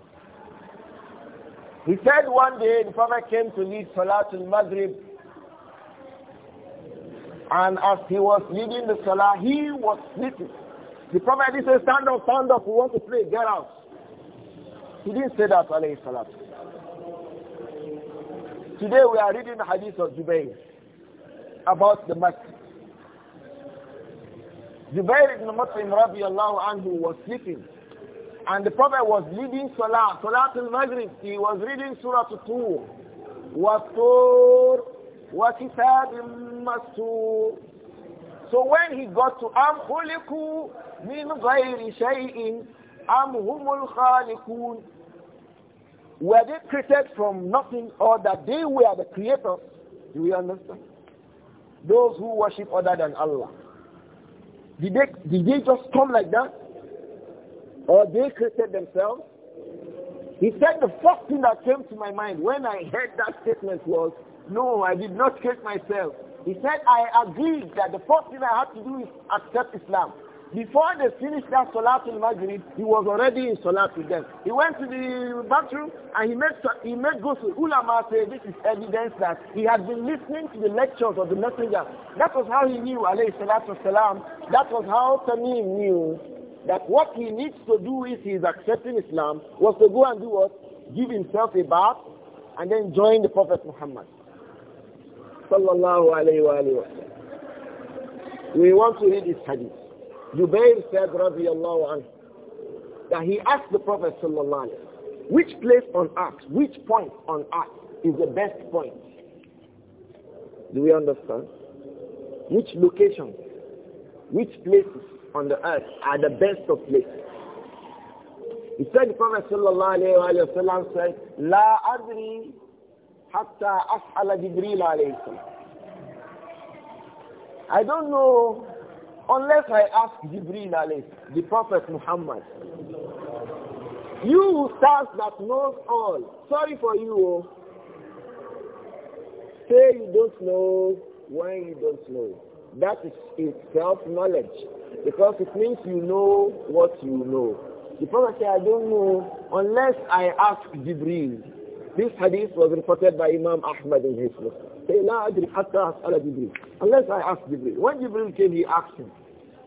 He said one day the Prophet came to lead Salatul Maghrib and as he was leading the Salah, he was sleeping. The Prophet said, stand up, stand up, we want to pray, get out. He didn't say that, alayhi salatu. Today we are reading the hadith of Zubayr about the masjid. Zubayr ibn Mut'im radiallahu anhu was sleeping and the Prophet was leading Salah, Salah al Maghrib. He was reading Surah Tur, Watur, Wakitab Mastur. So when he got to Am Khuliku min Ghairi Shay'in Am Humul were they created from nothing or that they were the creator? Do we understand? Those who worship other than Allah. Did they, did they just come like that? Or they created themselves? He said the first thing that came to my mind when I heard that statement was, no, I did not create myself. He said, I agreed that the first thing I had to do is accept Islam. Before they finished that Salatul Maghrib, he was already in Salat with them. He went to the bathroom and he made, he made go to Ulama say this is evidence that he had been listening to the lectures of the messenger. That was how he knew, alayhi salatu salam. That was how Tamim knew that what he needs to do if he is accepting Islam was to go and do what? Give himself a bath and then join the Prophet Muhammad. Sallallahu alayhi wa, alayhi wa We want to read this hadith. Jubair said, radiallahu anhu, that he asked the Prophet sallallahu alayhi wasallam, which place on earth, which point on earth is the best point? Do we understand? Which location, which places on the earth are the best of places? He said, the Prophet sallallahu alayhi wa said, La adri hatta as'ala Jibreel alayhi salam. I don't know Unless I ask Jibril alayhi, the Prophet Muhammad. You stars that knows all. Sorry for you. Oh. Say you don't know when you don't know. That is itself knowledge. Because it means you know what you know. The Prophet said, I don't know unless I ask Jibril. This hadith was reported by Imam Ahmad in his book. Say, La adri hatta as'ala Jibril. Unless I ask Jibril. When Jibril came, he asked him.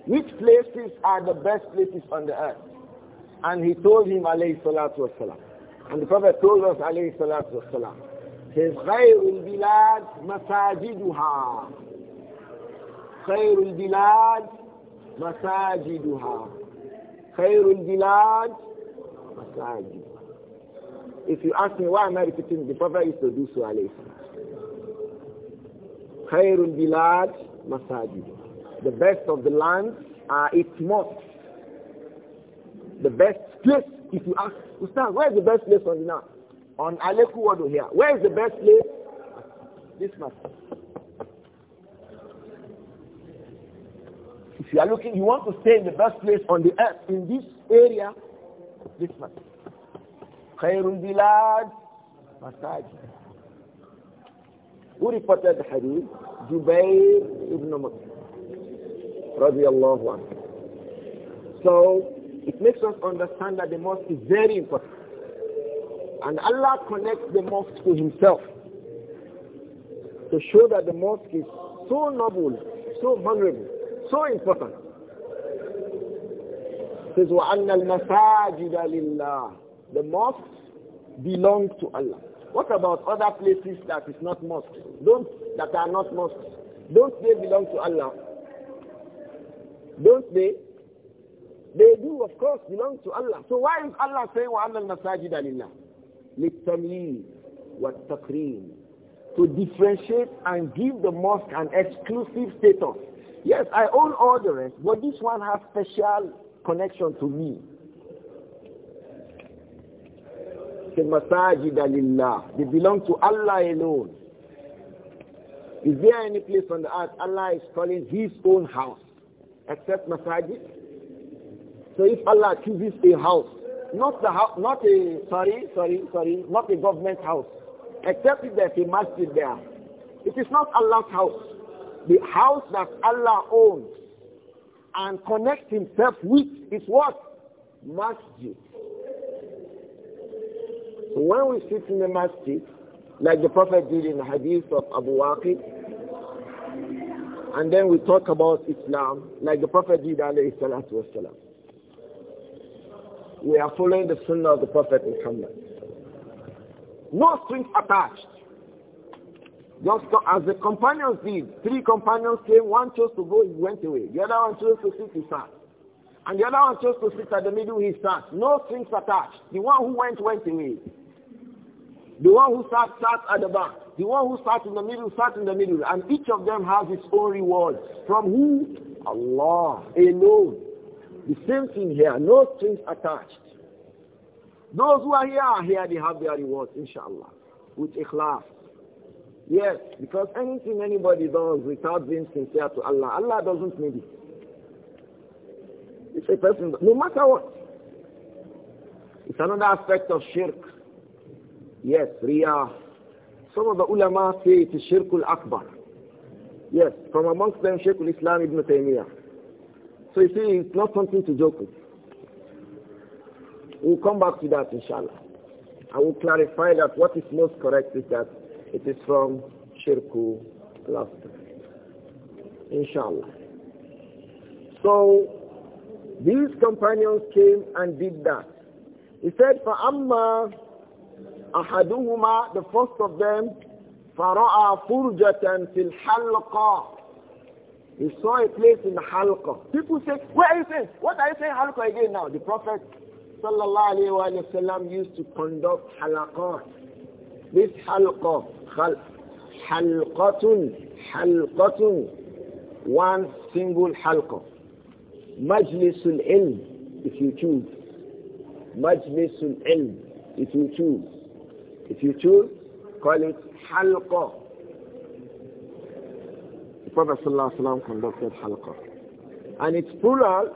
Which places are the best places on the earth? And he told him, alayhi salatu wasalam. And the Prophet told us, alayhi salatu wasalam, says, خير البلاد مساجدها. bilad masajiduha. مساجدها. خير bilad مساجدها. If you ask me why am I repeating, the Prophet used to do so, alayhi salam. خير bilad masajiduha. The best of the land are uh, its most. The best place, if you ask, Ustaz, where is the best place on the earth? On Aleku Wado here. Where is the best place? This man. If you are looking, you want to stay in the best place on the earth, in this area, this man. Khairul Bilad, Masajid. Who reported the hadith? Jubair ibn Mukhtar radiallahu anhu. So it makes us understand that the mosque is very important. And Allah connects the mosque to himself to show that the mosque is so noble, so honorable, so important. It says, وَأَنَّ الْمَسَاجِدَ لِلَّهِ The mosque belongs to Allah. What about other places that is not mosques? Don't, that are not mosques? Don't they belong to Allah? Don't they? They do, of course, belong to Allah. So why is Allah saying, وَأَنَّ الْمَسَاجِدَ لِلَّهِ لِلتَّمْيِينِ وَالتَّقْرِينِ To differentiate and give the mosque an exclusive status. Yes, I own all the rest, but this one has special connection to me. The masajid lillah. They belong to Allah alone. Is there any place on the earth Allah is calling his own house? except masajid. So if Allah chooses a house, not the house, not a, sorry, sorry, sorry, not a government house, except if there's a masjid there. It is not Allah's house. The house that Allah owns and connects himself with is what? Masjid. So when we sit in the masjid, like the Prophet did in the hadith of Abu Waqid, and then we talk about Islam like the Prophet did alayhi We are following the sunnah of the Prophet Muhammad. No strings attached. Just as the companions did, three companions came, one chose to go, he went away. The other one chose to sit, he sat. And the other one chose to sit at the middle, he sat. No strings attached. The one who went, went away. The one who sat, sat at the back. The one who sat in the middle, sat in the middle. And each of them has its own reward. From who? Allah alone. The same thing here. No strings attached. Those who are here are here. They have their rewards, inshallah. With ikhlas. Yes, because anything anybody does without being sincere to Allah, Allah doesn't need it. It's a person, no matter what. It's another aspect of shirk. Yes, Ria. Some of the ulama say it is Shirkul Akbar. Yes, from amongst them Shirkul Islam Ibn Taymiyyah. So you see, it's not something to joke with. We'll come back to that inshallah. I will clarify that what is most correct is that it is from Shirkul Laughter. Inshallah. So these companions came and did that. He said, فَأَمَّا أحدهما the first of them فرأى فرجة في الحلقة He saw a place in Halqa. People say, where are you saying? What are you saying Halqa again now? The Prophet sallallahu alayhi sallam used to conduct halaqat. This halqa, hal, halqatun, halqatun, one single halqa. Majlisul ilm, if you choose. Majlisul ilm, if you choose. If you choose, call it halqa. The Prophet ﷺ conducted halqa. And it's plural.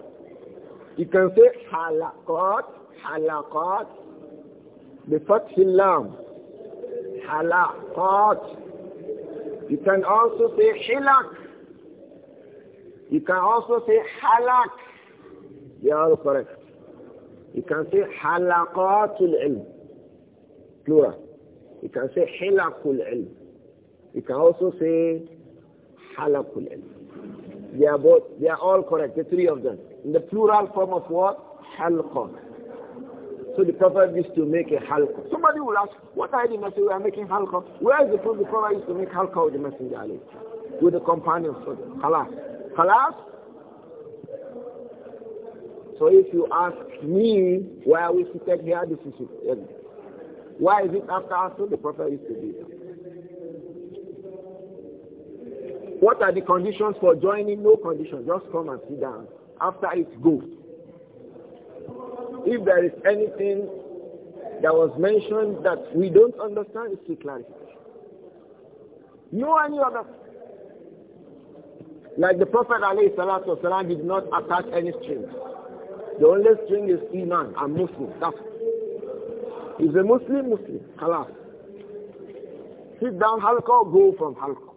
You can say halaqat, halaqat, بفتح اللام halaqat. You can also say hilak. You can also say halak. They are correct. You can say halaqatul ilm plural. You can say halakul ilm. You can also say halakul ilm. They are both, they are all correct, the three of them. In the plural form of what? Halqa. So the Prophet used to make a halqa. Somebody will ask, what are the messenger? We are making halqa. Where is the proof the Prophet used to make halqa with the messenger? Ali With the companions. Halas. Halas? So if you ask me why we seated here, this is it. Why is it after us? the Prophet used to do What are the conditions for joining? No condition. Just come and sit down. After it, go. If there is anything that was mentioned that we don't understand, it's to clarification. No any other. Like the Prophet Salam, did not attach any strings. The only string is Iman and Muslim. That's is a Muslim, Muslim. Halal. Sit down, Halqa go from halqa.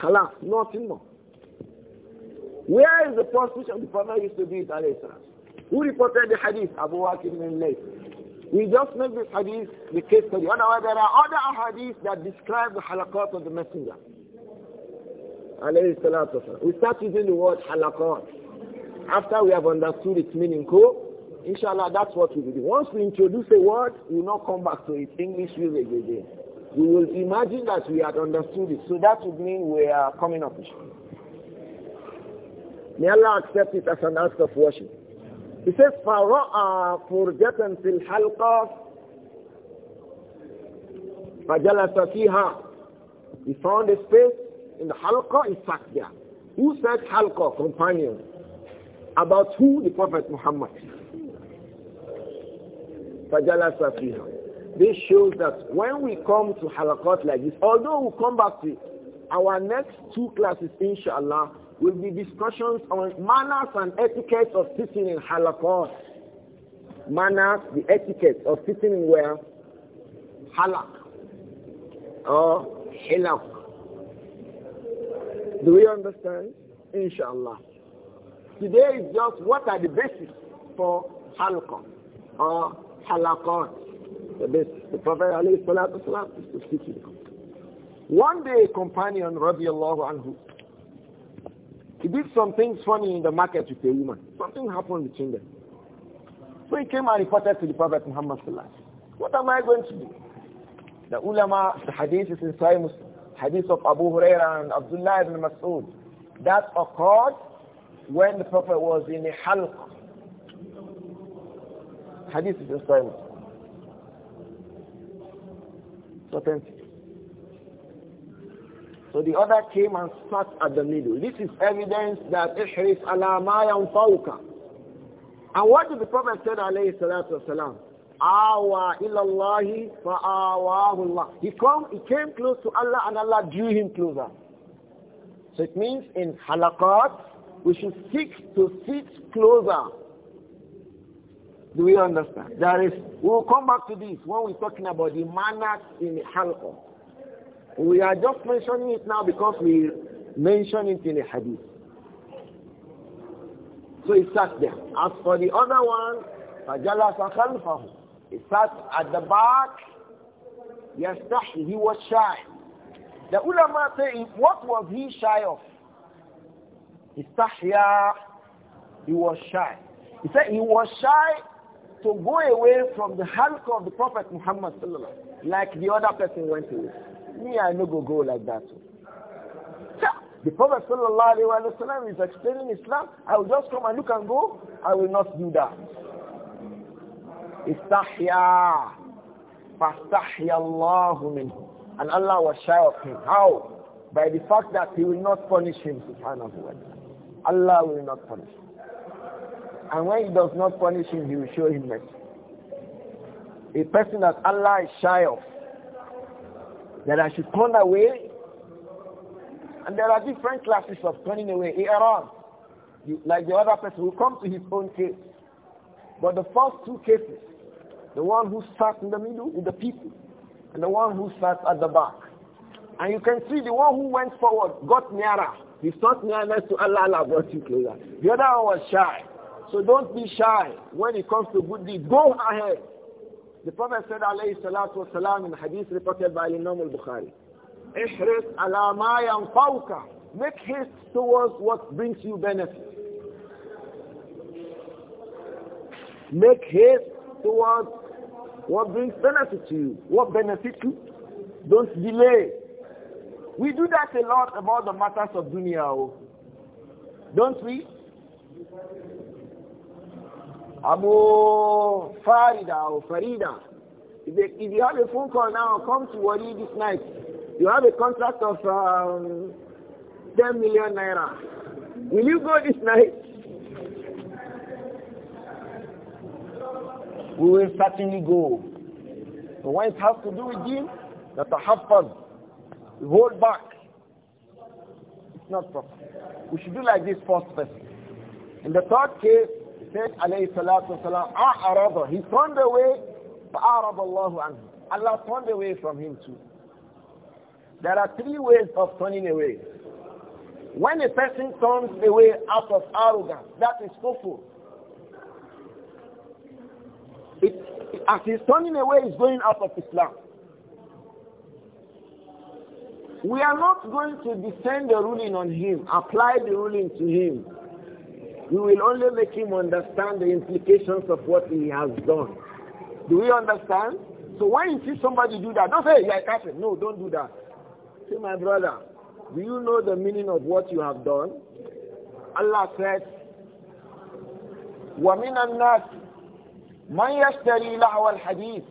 Halal, nothing more. Where is the prostitution the Prophet used to be in Who reported the hadith? Abu Waqid bin Layth. We just make this hadith the case study. Otherwise, there are other hadiths that describe the halakhat of the messenger. We start using the word halakhat after we have understood its meaning. Cool? Inshallah, that's what we will do. Once we introduce a word, we will not come back to it. English usage again. We will imagine that we had understood it. So that would mean we are coming up. May Allah accept it as an act of worship. He says, فَرَأَى فُرْجَةً فِي الْحَلْقَةِ فَجَلَسَ فِيهَا He found a space in the halqa, he sat there. Who said halqa? Companion. About who? The Prophet Muhammad fajalasa fiha. This shows that when we come to halakot like this, although we'll come back to it, our next two classes, inshallah, will be discussions on manners and etiquette of sitting in halakot. Manners, the etiquette of sitting in where? Halak. Or hilak. Do we understand? Inshallah. Today is just what are the basis for halakot or halaqat. this, the Prophet alayhi One day a companion, radiallahu anhu, he did some things funny in the market with a woman. Something happened between them. So he came and reported to the Prophet Muhammad sallallahu What am I going to do? The ulama, the hadith is in Sahih Muslim, hadith of Abu Hurairah and Abdullah ibn Mas'ud. That occurred when the Prophet was in a halq, Hadith is Sahih It's So the other came and sat at the middle. This is evidence that Ihris ala ma yanfawka. And what did the Prophet said alayhi salatu wasalam? Awa ilallahi fa'awahullah. He, come, he came close to Allah and Allah drew him closer. So it means in halaqat, we should seek to sit closer do we understand? That is, is, we'll come back to this when we're talking about the manners in halqa. We are just mentioning it now because we mention it in the hadith. So he sat there. As for the other one, فَجَلَسَ خَلْفَهُ He sat at the back. يَسْتَحْي He was shy. The ulama say, what was he shy of? Istahya, he was shy. He said he was shy to go away from the halq of the Prophet Muhammad like the other person went away. Me, I no go go like that. So, the Prophet وسلم, is explaining Islam. I will just come and look and go. I will not do that. Istahya. Fastahya Allahu minhu. And Allah was shy of him. How? By the fact that he will not punish him, subhanahu wa ta'ala. Allah will not punish him. And when he does not punish him, he will show him mercy. A person that Allah is shy of, that I should turn away. And there are different classes of turning away. Iran, like the other person, will come to his own case. But the first two cases, the one who sat in the middle with the people, and the one who sat at the back. And you can see the one who went forward got nearer. He's not nearness to Allah, Allah brought you closer. The other one was shy. So don't be shy when it comes to good deeds. Go ahead. The Prophet said, alayhi salatu wasalam, in hadith reported by Imam al-Bukhari, احرص على ما ينفوك. Make haste towards what brings you benefit. Make haste towards what brings benefit to you. What benefits you? Don't delay. We do that a lot about the matters of dunya. Oh. Don't we? Abu Farida or Farida. If, they, if you have a phone call now, come to Wadi this night. You have a contract of um, 10 million naira. Will you go this night? We will certainly go. But when it has to do with him, that the hafaz, hold back. It's not proper. We should do like this first person. In the third case, said, alayhi salatu wasalam, a'arada. He turned away, fa'arada Allahu anhu. Allah turned away from him too. There are three ways of turning away. When a person turns away out of arrogance, that is kufur. It, as he's turning away, he's going out of Islam. We are not going to defend the ruling on him, apply the ruling to him. We will only make him understand the implications of what he has done. Do we understand? So when you see somebody do that, don't say, you're a No, don't do that. Say, my brother, do you know the meaning of what you have done? Allah said, وَمِنَ النَّاسِ مَنْ يَشْتَرِي لَهْوَ الْحَدِيثِ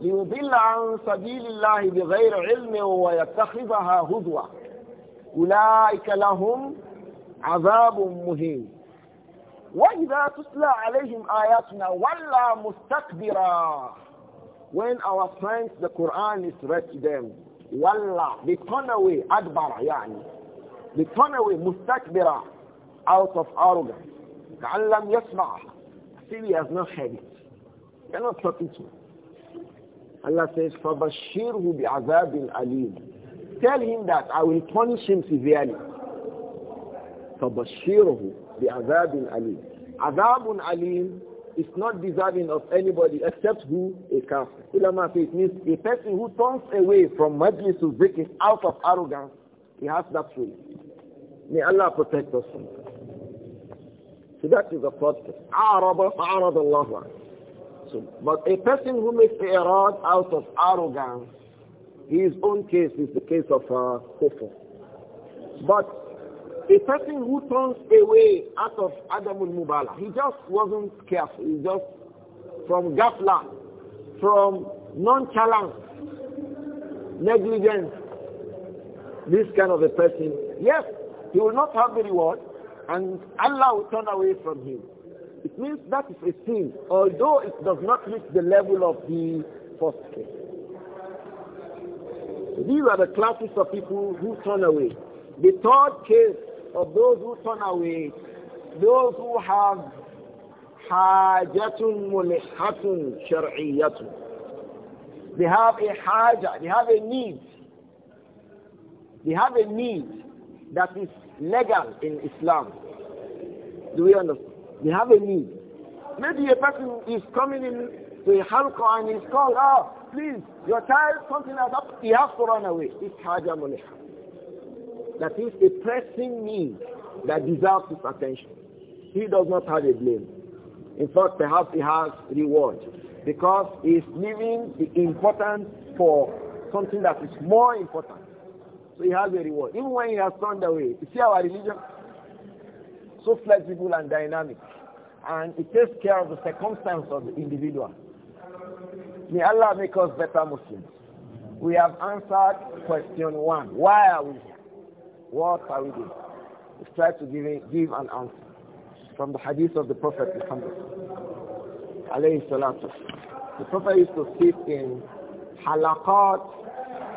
ليضل عن سبيل الله بغير علم ويتخذها هزوا أولئك لهم عذاب مهين وإذا تتلى عليهم آياتنا ولا مستكبرا when our friends the Quran is read to them ولا they turn away adbara يعني they turn away مستكبرا out of arrogance كعلم يسمع still he has not heard it they are not talking to him Allah says فبشره بعذاب أليم tell him that I will punish him severely فَبَشِّرُهُ بِعَذَابٍ أَلِيمٍ Azabun Alim is not deserving of anybody except who? A kafir. Ulama says it means a person who turns away from majlis zikr out of arrogance, he has that trait. May Allah protect us from that. So that is the first person. Araba fa'arad Allah. So, but a person who makes irad out of arrogance, his own case is the case of uh, kufr. But a person who turns away out of Adamul Mubala, he just wasn't careful. He just from gafla, from nonchalance, negligence, this kind of a person, yes, he will not have the reward and Allah will turn away from him. It means that is a sin, although it does not reach the level of the first case. These are the classes of people who turn away. The third case of those who turn away, those who have حاجة ملحة شرعية they have a haja, they have a need. They have a need that is legal in Islam. Do we understand? They have a need. Maybe a person is coming in to a halqa and is called, ah, oh, please, your child, something has happened. He has to run away. It's haja muliha. That is a pressing need that deserves his attention. He does not have a blame. In fact, perhaps he has reward because he is leaving the important for something that is more important. So he has a reward. Even when he has turned away, you see our religion? So flexible and dynamic. And it takes care of the circumstance of the individual. May Allah make us better Muslims. We have answered question one. Why are we what are we doing? We try to give, give an answer from the hadith of the Prophet Muhammad. The Prophet used to sit in halaqat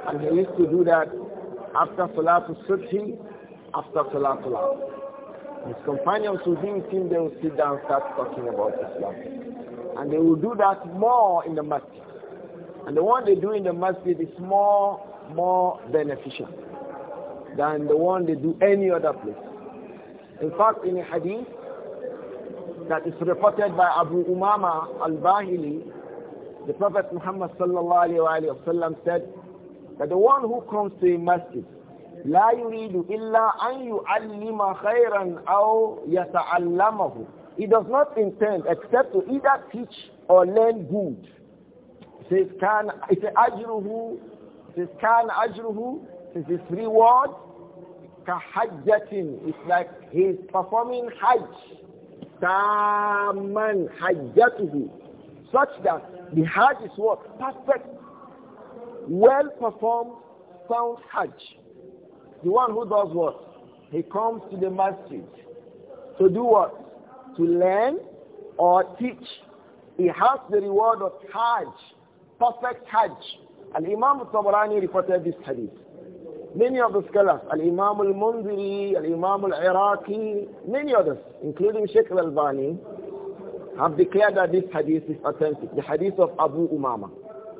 and he used to do that after Salatul Subhi, after Salatul Asr. His companions who did think they would sit down and start talking about Islam. And they will do that more in the masjid. And the one they do in the masjid is more, more beneficial than the one they do any other place. In fact, in a hadith that is reported by Abu Umama al-Bahili, the Prophet Muhammad sallallahu alayhi sallam said that the one who comes to a masjid, لا يريد إلا أن يعلم خيرا أو يتعلمه. He does not intend except to either teach or learn good. It says, كان, it's says, أجره, it says, كان أجره, says, his reward Kahajjatin, It's like he's performing Hajj. Taman Hajjatuhu. Such that the Hajj is what? Perfect. Well performed, sound Hajj. The one who does what? He comes to the masjid to do what? To learn or teach. He has the reward of Hajj, perfect Hajj. And Imam Tabarani reported this hadith. Many of the scholars, Al-Imam al mundiri Al-Imam Al-Iraqi, many others, including Sheikh Al-Albani, have declared that this hadith is authentic, the hadith of Abu Umama.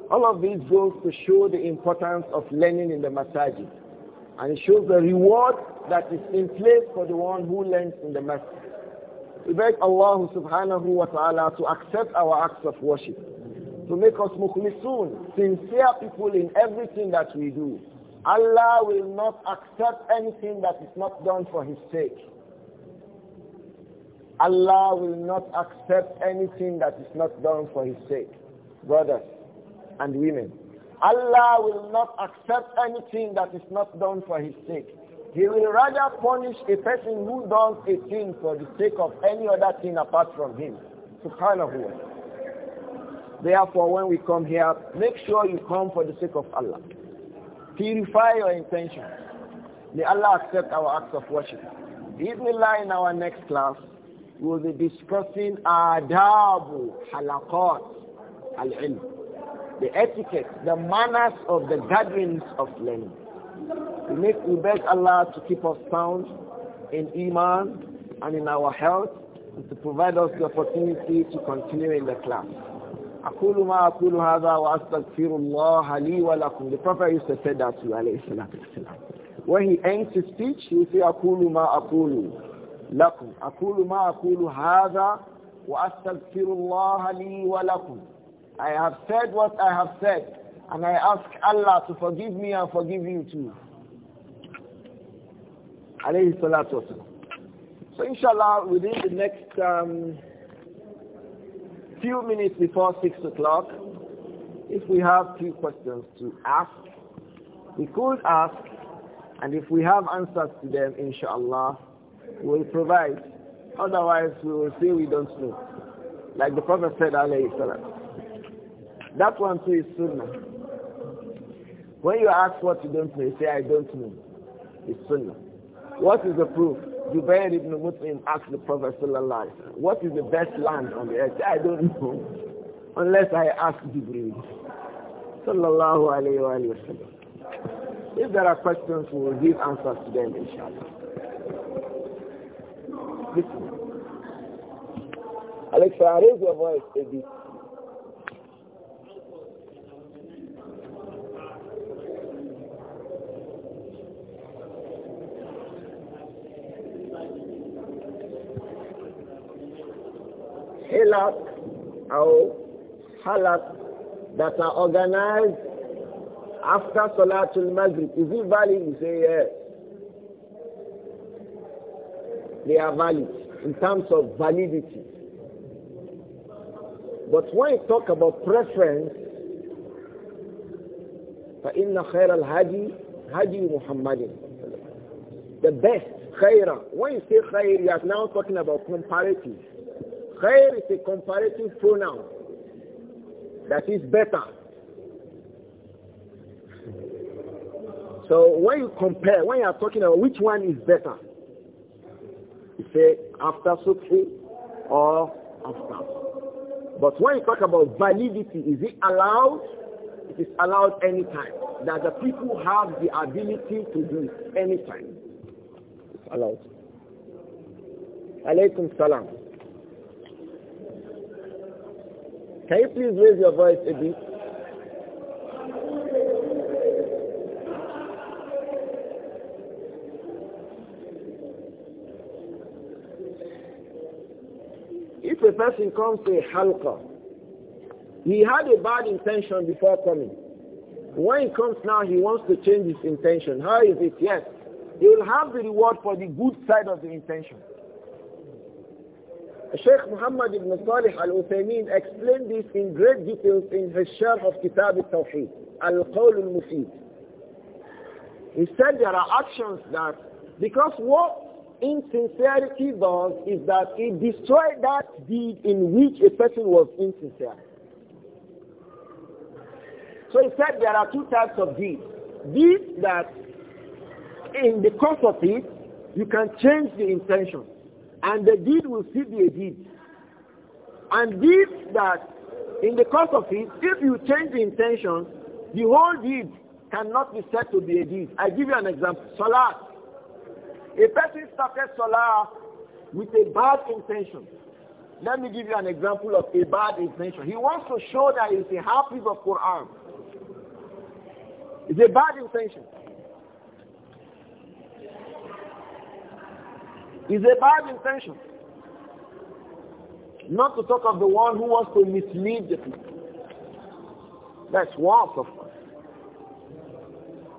All of these goes to show the importance of learning in the masajid. And it shows the reward that is in place for the one who learns in the masjid. We beg Allah subhanahu wa ta'ala to accept our acts of worship, to make us mukhlisun, sincere people in everything that we do. Allah will not accept anything that is not done for his sake. Allah will not accept anything that is not done for his sake. Brothers and women, Allah will not accept anything that is not done for his sake. He will rather punish a person who does a thing for the sake of any other thing apart from him. Subhanahu wa Therefore, when we come here, make sure you come for the sake of Allah. Purify your intention. May Allah accept our acts of worship. Bismillah in our next class, we will be discussing adabu halaqat al-ilm. The etiquette, the manners of the gatherings of learning. We, make, we beg Allah to keep us sound in Iman and in our health and to provide us the opportunity to continue in the class. أقول ما أقول هذا The Prophet used to say that to عليه salatu When he ends his speech, he says, say أقول ما أقول لكم أقول ما أقول هذا وأستغفر الله لي ولكم I have said what I have said and I ask Allah to forgive me and forgive you too. So inshallah within the next um, few minutes before 6 o'clock, if we have few questions to ask, we could ask, and if we have answers to them, inshallah, we will provide. Otherwise, we will say we don't know. Like the Prophet said, alayhi salam. That one too is sunnah. When you ask what you don't know, you say, I don't know. It's sunnah. What is the proof? Jubair ibn Mut'im asked the Prophet sallallahu what is the best land on the earth? I don't know, unless I ask Jibreel sallallahu alayhi wa, alayhi wa sallam. If there are questions, we will give answers to them, inshallah. Listen. Alexa, raise your voice a bit. halak or halak that are organized after Salatul Maghrib. Is it valid? You say yes. They are valid in terms of validity. But when you talk about preference, فإن خير الهدي هدي محمد The best, خيرا. When you say خير, you are now talking about comparative. Khair is a comparative pronoun. That is better. So when you compare, when you are talking about which one is better, you say after sukri or after. But when you talk about validity, is it allowed? It is allowed anytime. That the people have the ability to do it anytime. It's allowed. Alaykum salam. Can you please raise your voice a bit? If a person comes to a halqa, he had a bad intention before coming. When he comes now, he wants to change his intention. How is it? Yes. He will have the reward for the good side of the intention. Sheikh Muhammad ibn Salih al-Uthaymeen explained this in great details in his Sharh of Kitab al-Tawheed, Al-Qawl al-Mufid. He said there are actions that, because what insincerity does is that it destroys that deed in which a person was insincere. So he said there are two types of deeds. Deeds that in the course of it, you can change the intention. And the deed will still be a deed. And this that in the course of it, if you change the intention, the whole deed cannot be said to be a deed. I give you an example. Salah. A person started Salah with a bad intention. Let me give you an example of a bad intention. He wants to show that he's a hafiz of Quran. It's a bad intention. is a bad intention. Not to talk of the one who wants to mislead the people. That's worse, of course.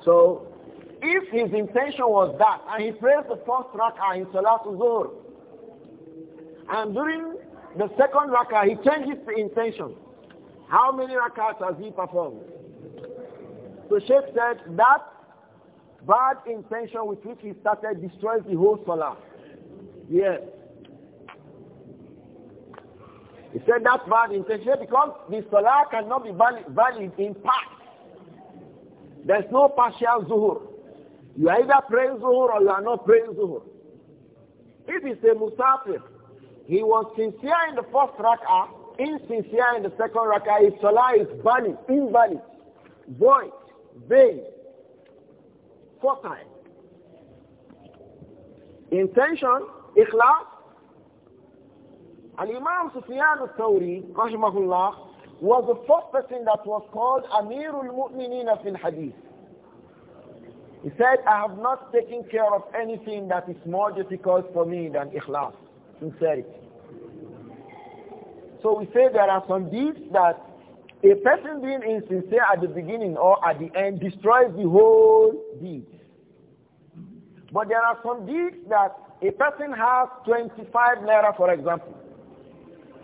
So, if his intention was that, and he prays the first rak'ah in Salatul Zuhr, and during the second rak'ah he changes the intention, how many rak'ahs has he performed? So Sheikh said that bad intention with which he started destroys the whole Salah. Yes. He said that's bad intention because the salah cannot be valid, valid in part. There's no partial zuhur. You are either praying zuhur or you are not praying zuhur. If it's a musafir, he was sincere in the first rak'ah, insincere in the second rak'ah, his salah is valid, invalid, void, vain, times Intention Ikhlas. And Imam Sufyan al-Thawri, rahimahullah, was the first person that was called Amirul Mu'mineen in Hadith. He said, I have not taken care of anything that is more difficult for me than ikhlas, sincerity. So we say there are some deeds that a person being insincere at the beginning or at the end destroys the whole deed. But there are some deeds that a person has 25 naira, for example.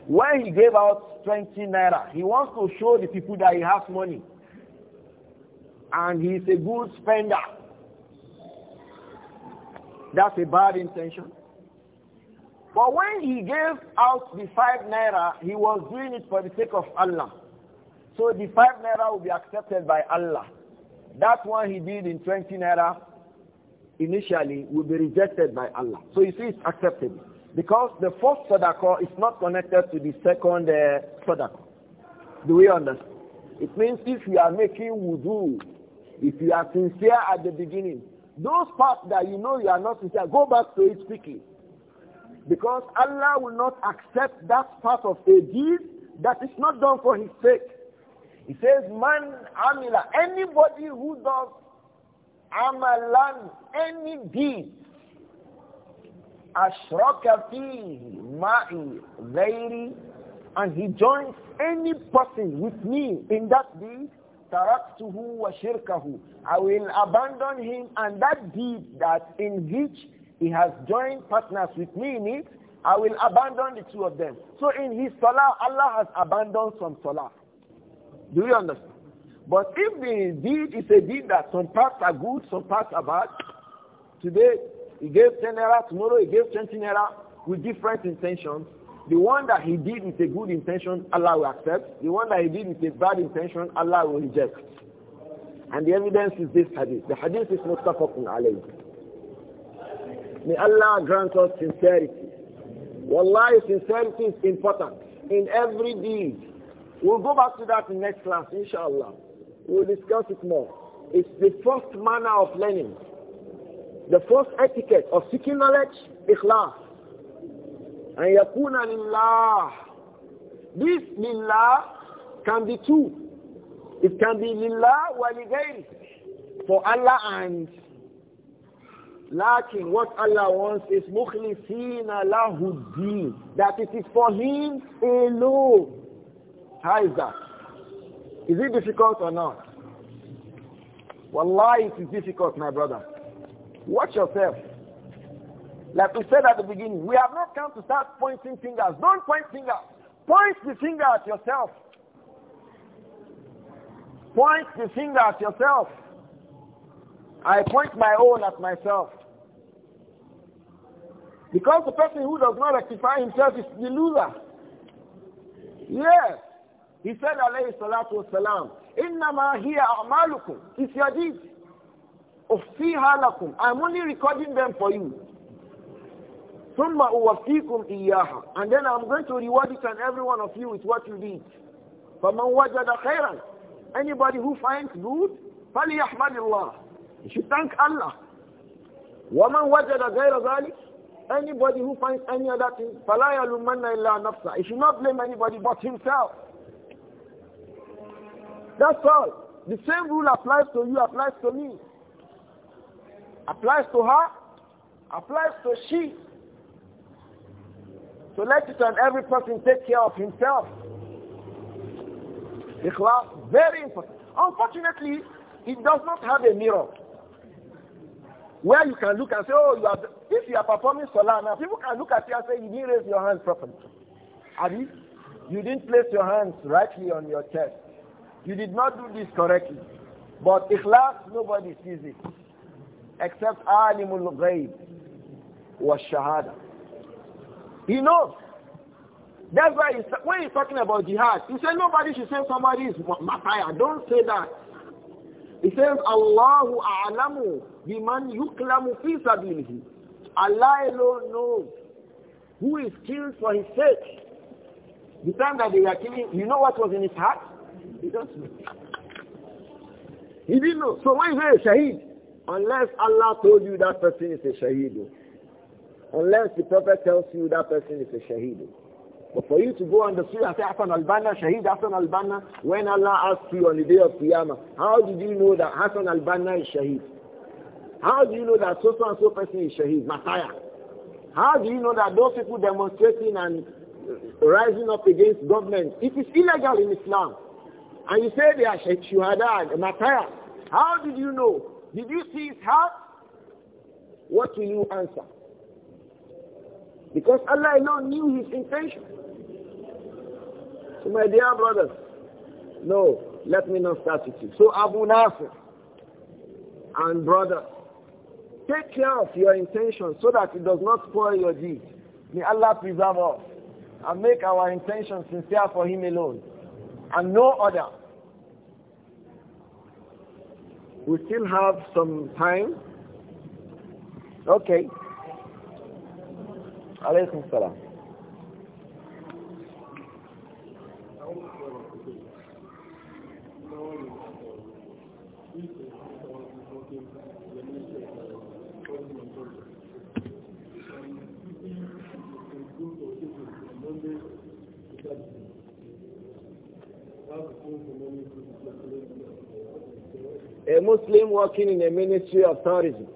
When he gave out 20 naira, he wants to show the people that he has money. And he is a good spender. That's a bad intention. But when he gave out the 5 naira, he was doing it for the sake of Allah. So the 5 naira will be accepted by Allah. That's why he did in 20 naira initially will be rejected by Allah. So you see, it's acceptable. Because the first sadaqah is not connected to the second uh, sadaqah. Do we understand? It means if you are making wudu, if you are sincere at the beginning, those parts that you know you are not sincere, go back to it quickly. Because Allah will not accept that part of a deed that is not done for his sake. He says, man amila, anybody who does amalan any deed ashraka fihi ma'i ghairi and he joins any person with me in that deed taraktuhu wa shirkahu I will abandon him and that deed that in which he has joined partners with me in it I will abandon the two of them so in his salah Allah has abandoned some salah do you understand but if the deed is a deed that some parts are good, some parts are bad, today he gave 10 naira, tomorrow he gave 20 naira with different intentions. The one that he did with a good intention, Allah will accept. The one that he did with a bad intention, Allah will reject. And the evidence is this hadith. The hadith is Mustafakun alayhi. May Allah grant us sincerity. Wallahi, sincerity is important in every deed. We'll go back to that in next class, inshallah. We'll discuss it more. It's the first manner of learning. The first etiquette of seeking knowledge, ikhlas. And yakuna lillah. This lillah can be two. It can be lillah wa ligayri. For Allah and lacking. what Allah wants is mukhlisina lahu deen. That it is for Him alone. How is that? Is it difficult or not? Wallahi, it is difficult, my brother. Watch yourself. Like we said at the beginning, we have not come to start pointing fingers. Don't point fingers. Point the finger at yourself. Point the finger at yourself. I point my own at myself. Because the person who does not rectify himself is the loser. Yes. He said, alayhi salatu wasalam, إِنَّمَا hiya a'malukum. It's your deeds. أُفِّيهَا لَكُمْ I'm only recording them for you. ثُمَّ أُوَفِّيكُمْ إِيَّاهَا And then I'm going to reward each and every one of you with what you did. فَمَنْ وَجَدَ خَيْرًا Anybody who finds good, فَلْيَحْمَدِ اللَّهِ You should thank Allah. وَمَنْ وَجَدَ غَيْرَ ذَلِكَ Anybody who finds any other thing, فَلَا يَلُمَّنَّ إِلَّا نَفْسَهُ He should not blame anybody but himself. That's all. The same rule applies to you, applies to me. Applies to her, applies to she. So let it and every person take care of himself. Ikhlas, very important. Unfortunately, it does not have a mirror where you can look and say, oh, you are, if you are performing salah now, people can look at you and say, you didn't raise your hands properly. you? you didn't place your hands rightly on your chest. You did not do this correctly. But ikhlas, nobody sees it. Except alimul ghaib wa shahada. He knows. That's why he's, when he's talking about jihad, he said nobody should say somebody is mataya. Don't say that. He says, Allahu a'lamu biman yuklamu fi sabilihi. Allah alone knows who is killed for his sake. The time that they were killing, you know what was in his heart? He doesn't know. He didn't know. So why is he a shaheed? Unless Allah told you that person is a shaheed. Unless the Prophet tells you that person is a shaheed. But for you to go on the street and say Hassan al-Banna, Shaheed Hassan al-Banna, when Allah asks you on the day of Qiyamah, how did you know that Hassan al-Banna is Shaheed? How do you know that so and so person is Shaheed, Messiah? How do you know that those people demonstrating and rising up against government, it is illegal in Islam. And you say they are shuhada and How did you know? Did you see his heart? What will you answer? Because Allah alone knew his intention. So my dear brothers, no, let me not start with you. So Abu Nasir and brother, take care of your intention so that it does not spoil your deed. May Allah preserve us and make our intention sincere for him alone and no other. We still have some time. Okay. Alaykum salam. a Muslim working in a ministry of tourism,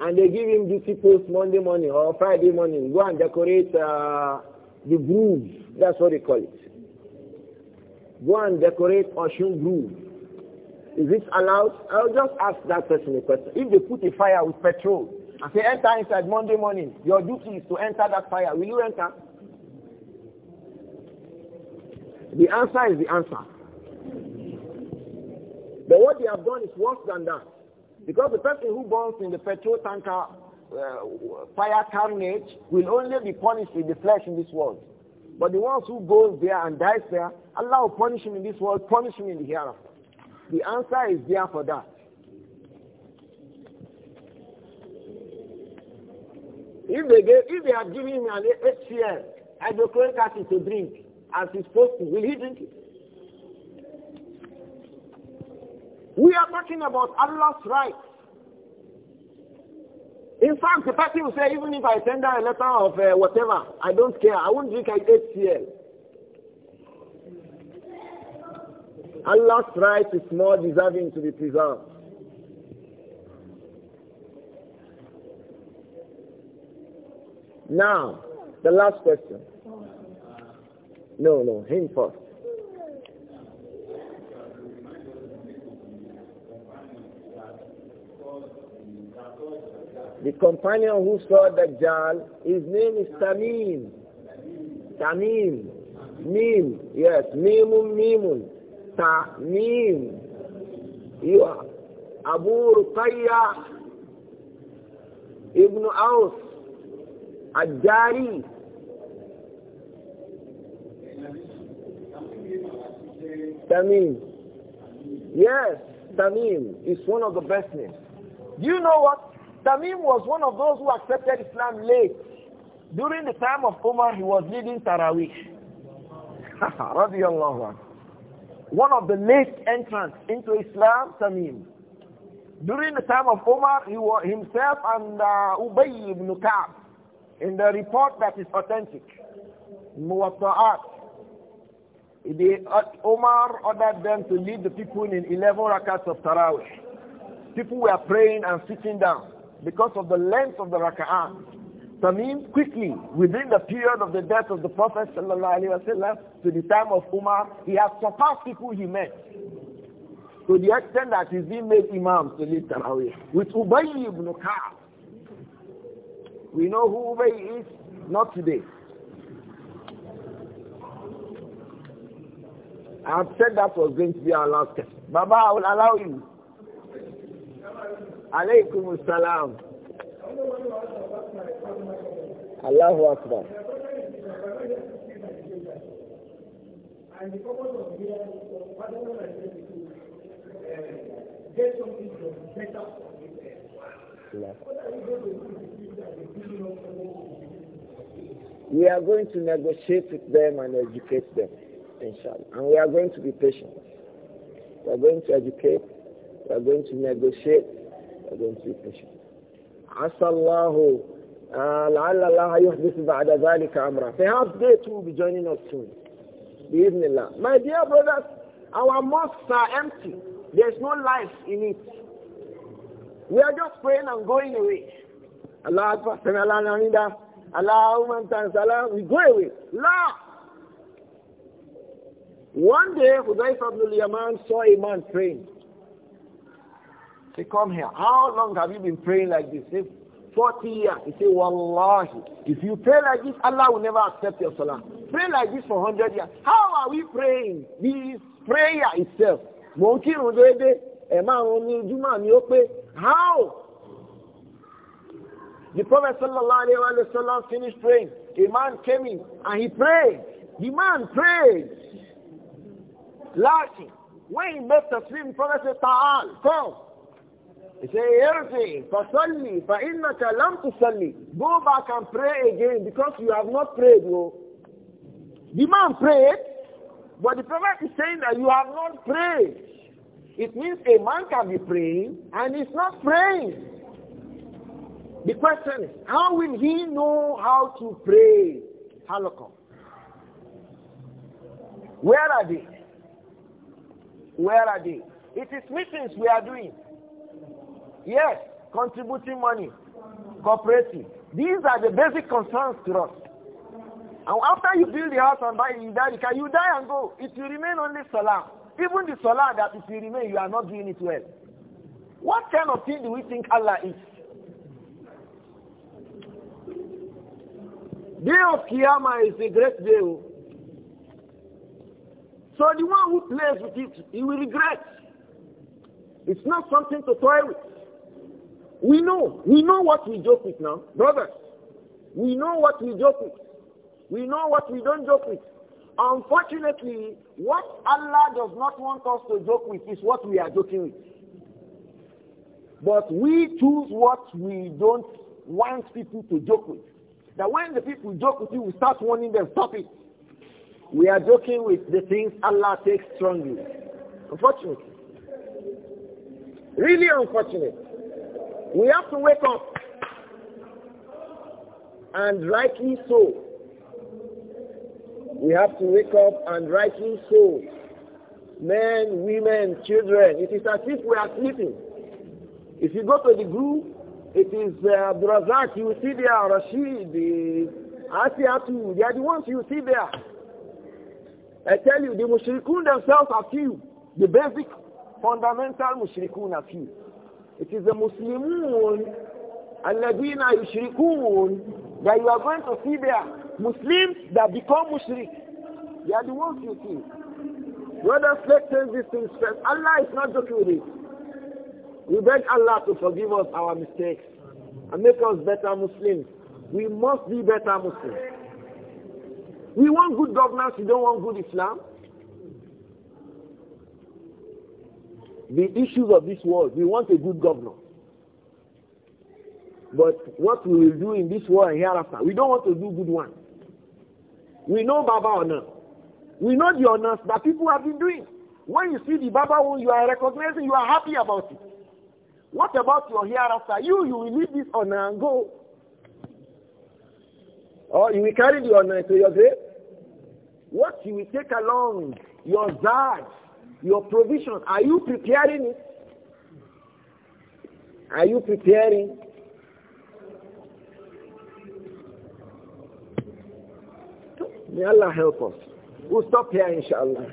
and they give him duty post Monday morning or Friday morning, go and decorate uh, the groove, that's what they call it. Go and decorate Ocean Groove. Is this allowed? I'll just ask that person a question. If they put a fire with petrol and say enter inside Monday morning, your duty is to enter that fire, will you enter? The answer is the answer. But what they have done is worse than that. Because the person who burns in the petrol tanker uh, fire carnage will only be punished in the flesh in this world. But the ones who goes there and dies there, Allah will punish him in this world, punish him in the hereafter. The answer is there for that. If they gave, if they have given him an HCl, hydrochloric acid to drink, as he's supposed to, will he drink it? We are talking about Allah's rights. In fact, the person will say, even if I send her a letter of uh, whatever, I don't care. I won't drink HCL. Allah's right is more deserving to be preserved. Now, the last question. No, no, him first. The companion who saw Dajjal, his name is Tamim. Tamim. Mim. Yes. Mimun Mimun. Tamim. You are Abu Ruqayya Ibn Aus. Ajari. Tamim. Yes, Tamim is one of the best names. Do you know what Tamim was one of those who accepted Islam late. During the time of Umar, he was leading Taraweeh. <laughs> one of the late entrants into Islam, Tamim. During the time of Umar, he was himself and uh, ibn Ka'b, in the report that is authentic, Muwatta'at, uh, Omar ordered them to lead the people in 11 rakats of Tarawih. People were praying and sitting down because of the length of the raka'ah. Tamim quickly, within the period of the death of the Prophet wasallam to the time of Umar, he has surpassed people he met. To the extent that he's been made imam to lead Tarawih. With Ubayy ibn Ka'ab. We know who Ubayy is, not today. I have said that was going to be our last test. Baba, I will allow you. Aleikum salam. Allahu Akbar. We are going to negotiate with them and educate them, inshallah. And we are going to be patient. We are going to educate, we are going to negotiate, I don't see patient. عسى الله لعل الله يحدث بعد ذلك أمرا. Perhaps have day two. be joining us soon. بإذن الله. My dear brothers, our mosques are empty. There's no life in it. We are just praying and going away. Allah Akbar, Allah Namida, Allah Uman Allah, we go away. La! One day, Hudayf ibn al-Yaman saw a man praying. They come here. How long have you been praying like this? Say, 40 years. He say, Wallahi, if you pray like this, Allah will never accept your salah. Pray like this for 100 years. How are we praying? This prayer itself. How? The Prophet sallallahu ﷺ finished praying. A man came in and he prayed. The man prayed. Lashing. When he made the swim, Prophet said, Ta'al, come. He said, Irfi, fasalli, fa'innaka lam tusalli. Go back and pray again because you have not prayed, no. The man prayed, but the prophet is saying that you have not prayed. It means a man can be praying and he's not praying. The question is, how will he know how to pray? Halakom. Where are they? Where are they? It is meetings we are doing. Yes, contributing money, cooperating. These are the basic concerns to us. And after you build the house and buy you die, you, can, you die and go. It will remain only salaam. Even the salaam that it will remain, you are not doing it well. What kind of thing do we think Allah is? Day of Qiyamah is a great day. Oh. So the one who plays with it, he will regret. It's not something to toy with. We know. We know what we joke with now. Brothers, we know what we joke with. We know what we don't joke with. Unfortunately, what Allah does not want us to joke with is what we are joking with. But we choose what we don't want people to joke with. That when the people joke with you, we start warning them, stop it. We are joking with the things Allah takes strongly. Unfortunately. Really unfortunate. We have to wake up. And rightly so. We have to wake up and rightly so. Men, women, children. It is as if we are sleeping. If you go to the group, it is uh, Abdurazak, you see there, Rashid, the Asiatu, they are the ones you see there. I tell you, the Mushrikun themselves are few. The basic, fundamental Mushrikun are few. It is the Muslimun, Alladina Yushrikun, that you are going to see there. Muslims that become Mushrik. They are the ones you see. Brothers, let's take these things first. Allah is not joking with it. We beg Allah to forgive us our mistakes and make us better Muslims. We must be better Muslims. We want good governance, we don't want good Islam. the issues of this world. We want a good governor. But what we will do in this world and hereafter, we don't want to do good one. We know Baba honor. We know the honors that people have been doing. When you see the Baba one, you are recognizing, you are happy about it. What about your hereafter? You, you will leave this honor and go. Or oh, you will carry the honor to your grave. What you will take along, your zard. Your provision, are you preparing it? Are you preparing? May Allah help us. We'll stop here, inshallah.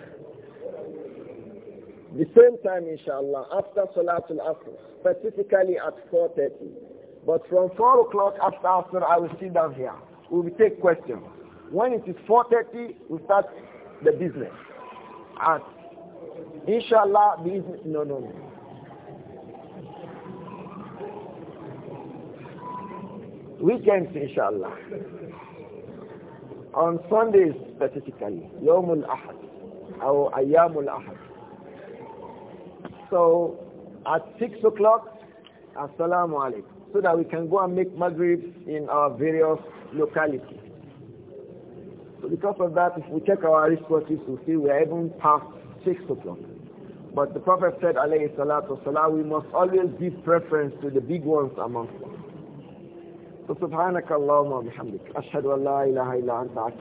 The same time, inshallah, after Salatul Asr, specifically at 4.30. But from 4 o'clock after Asr, I will sit down here. We will take questions. When it is 4.30, we start the business. At Inshallah, these, no, no, no. Weekends, inshallah. On Sundays specifically, Yawmul Ahad, or Ayyamul Ahad. So, at 6 o'clock, Assalamu alaikum. So that we can go and make Maghrib in our various localities. So because of that, if we check our resources, we'll see we are even past 6 o'clock. But the Prophet said, alayhi salatu salam." we must always give preference to the big ones amongst us. So subhanakallahumma bihamdik. Ashhadu an la ilaha illa anta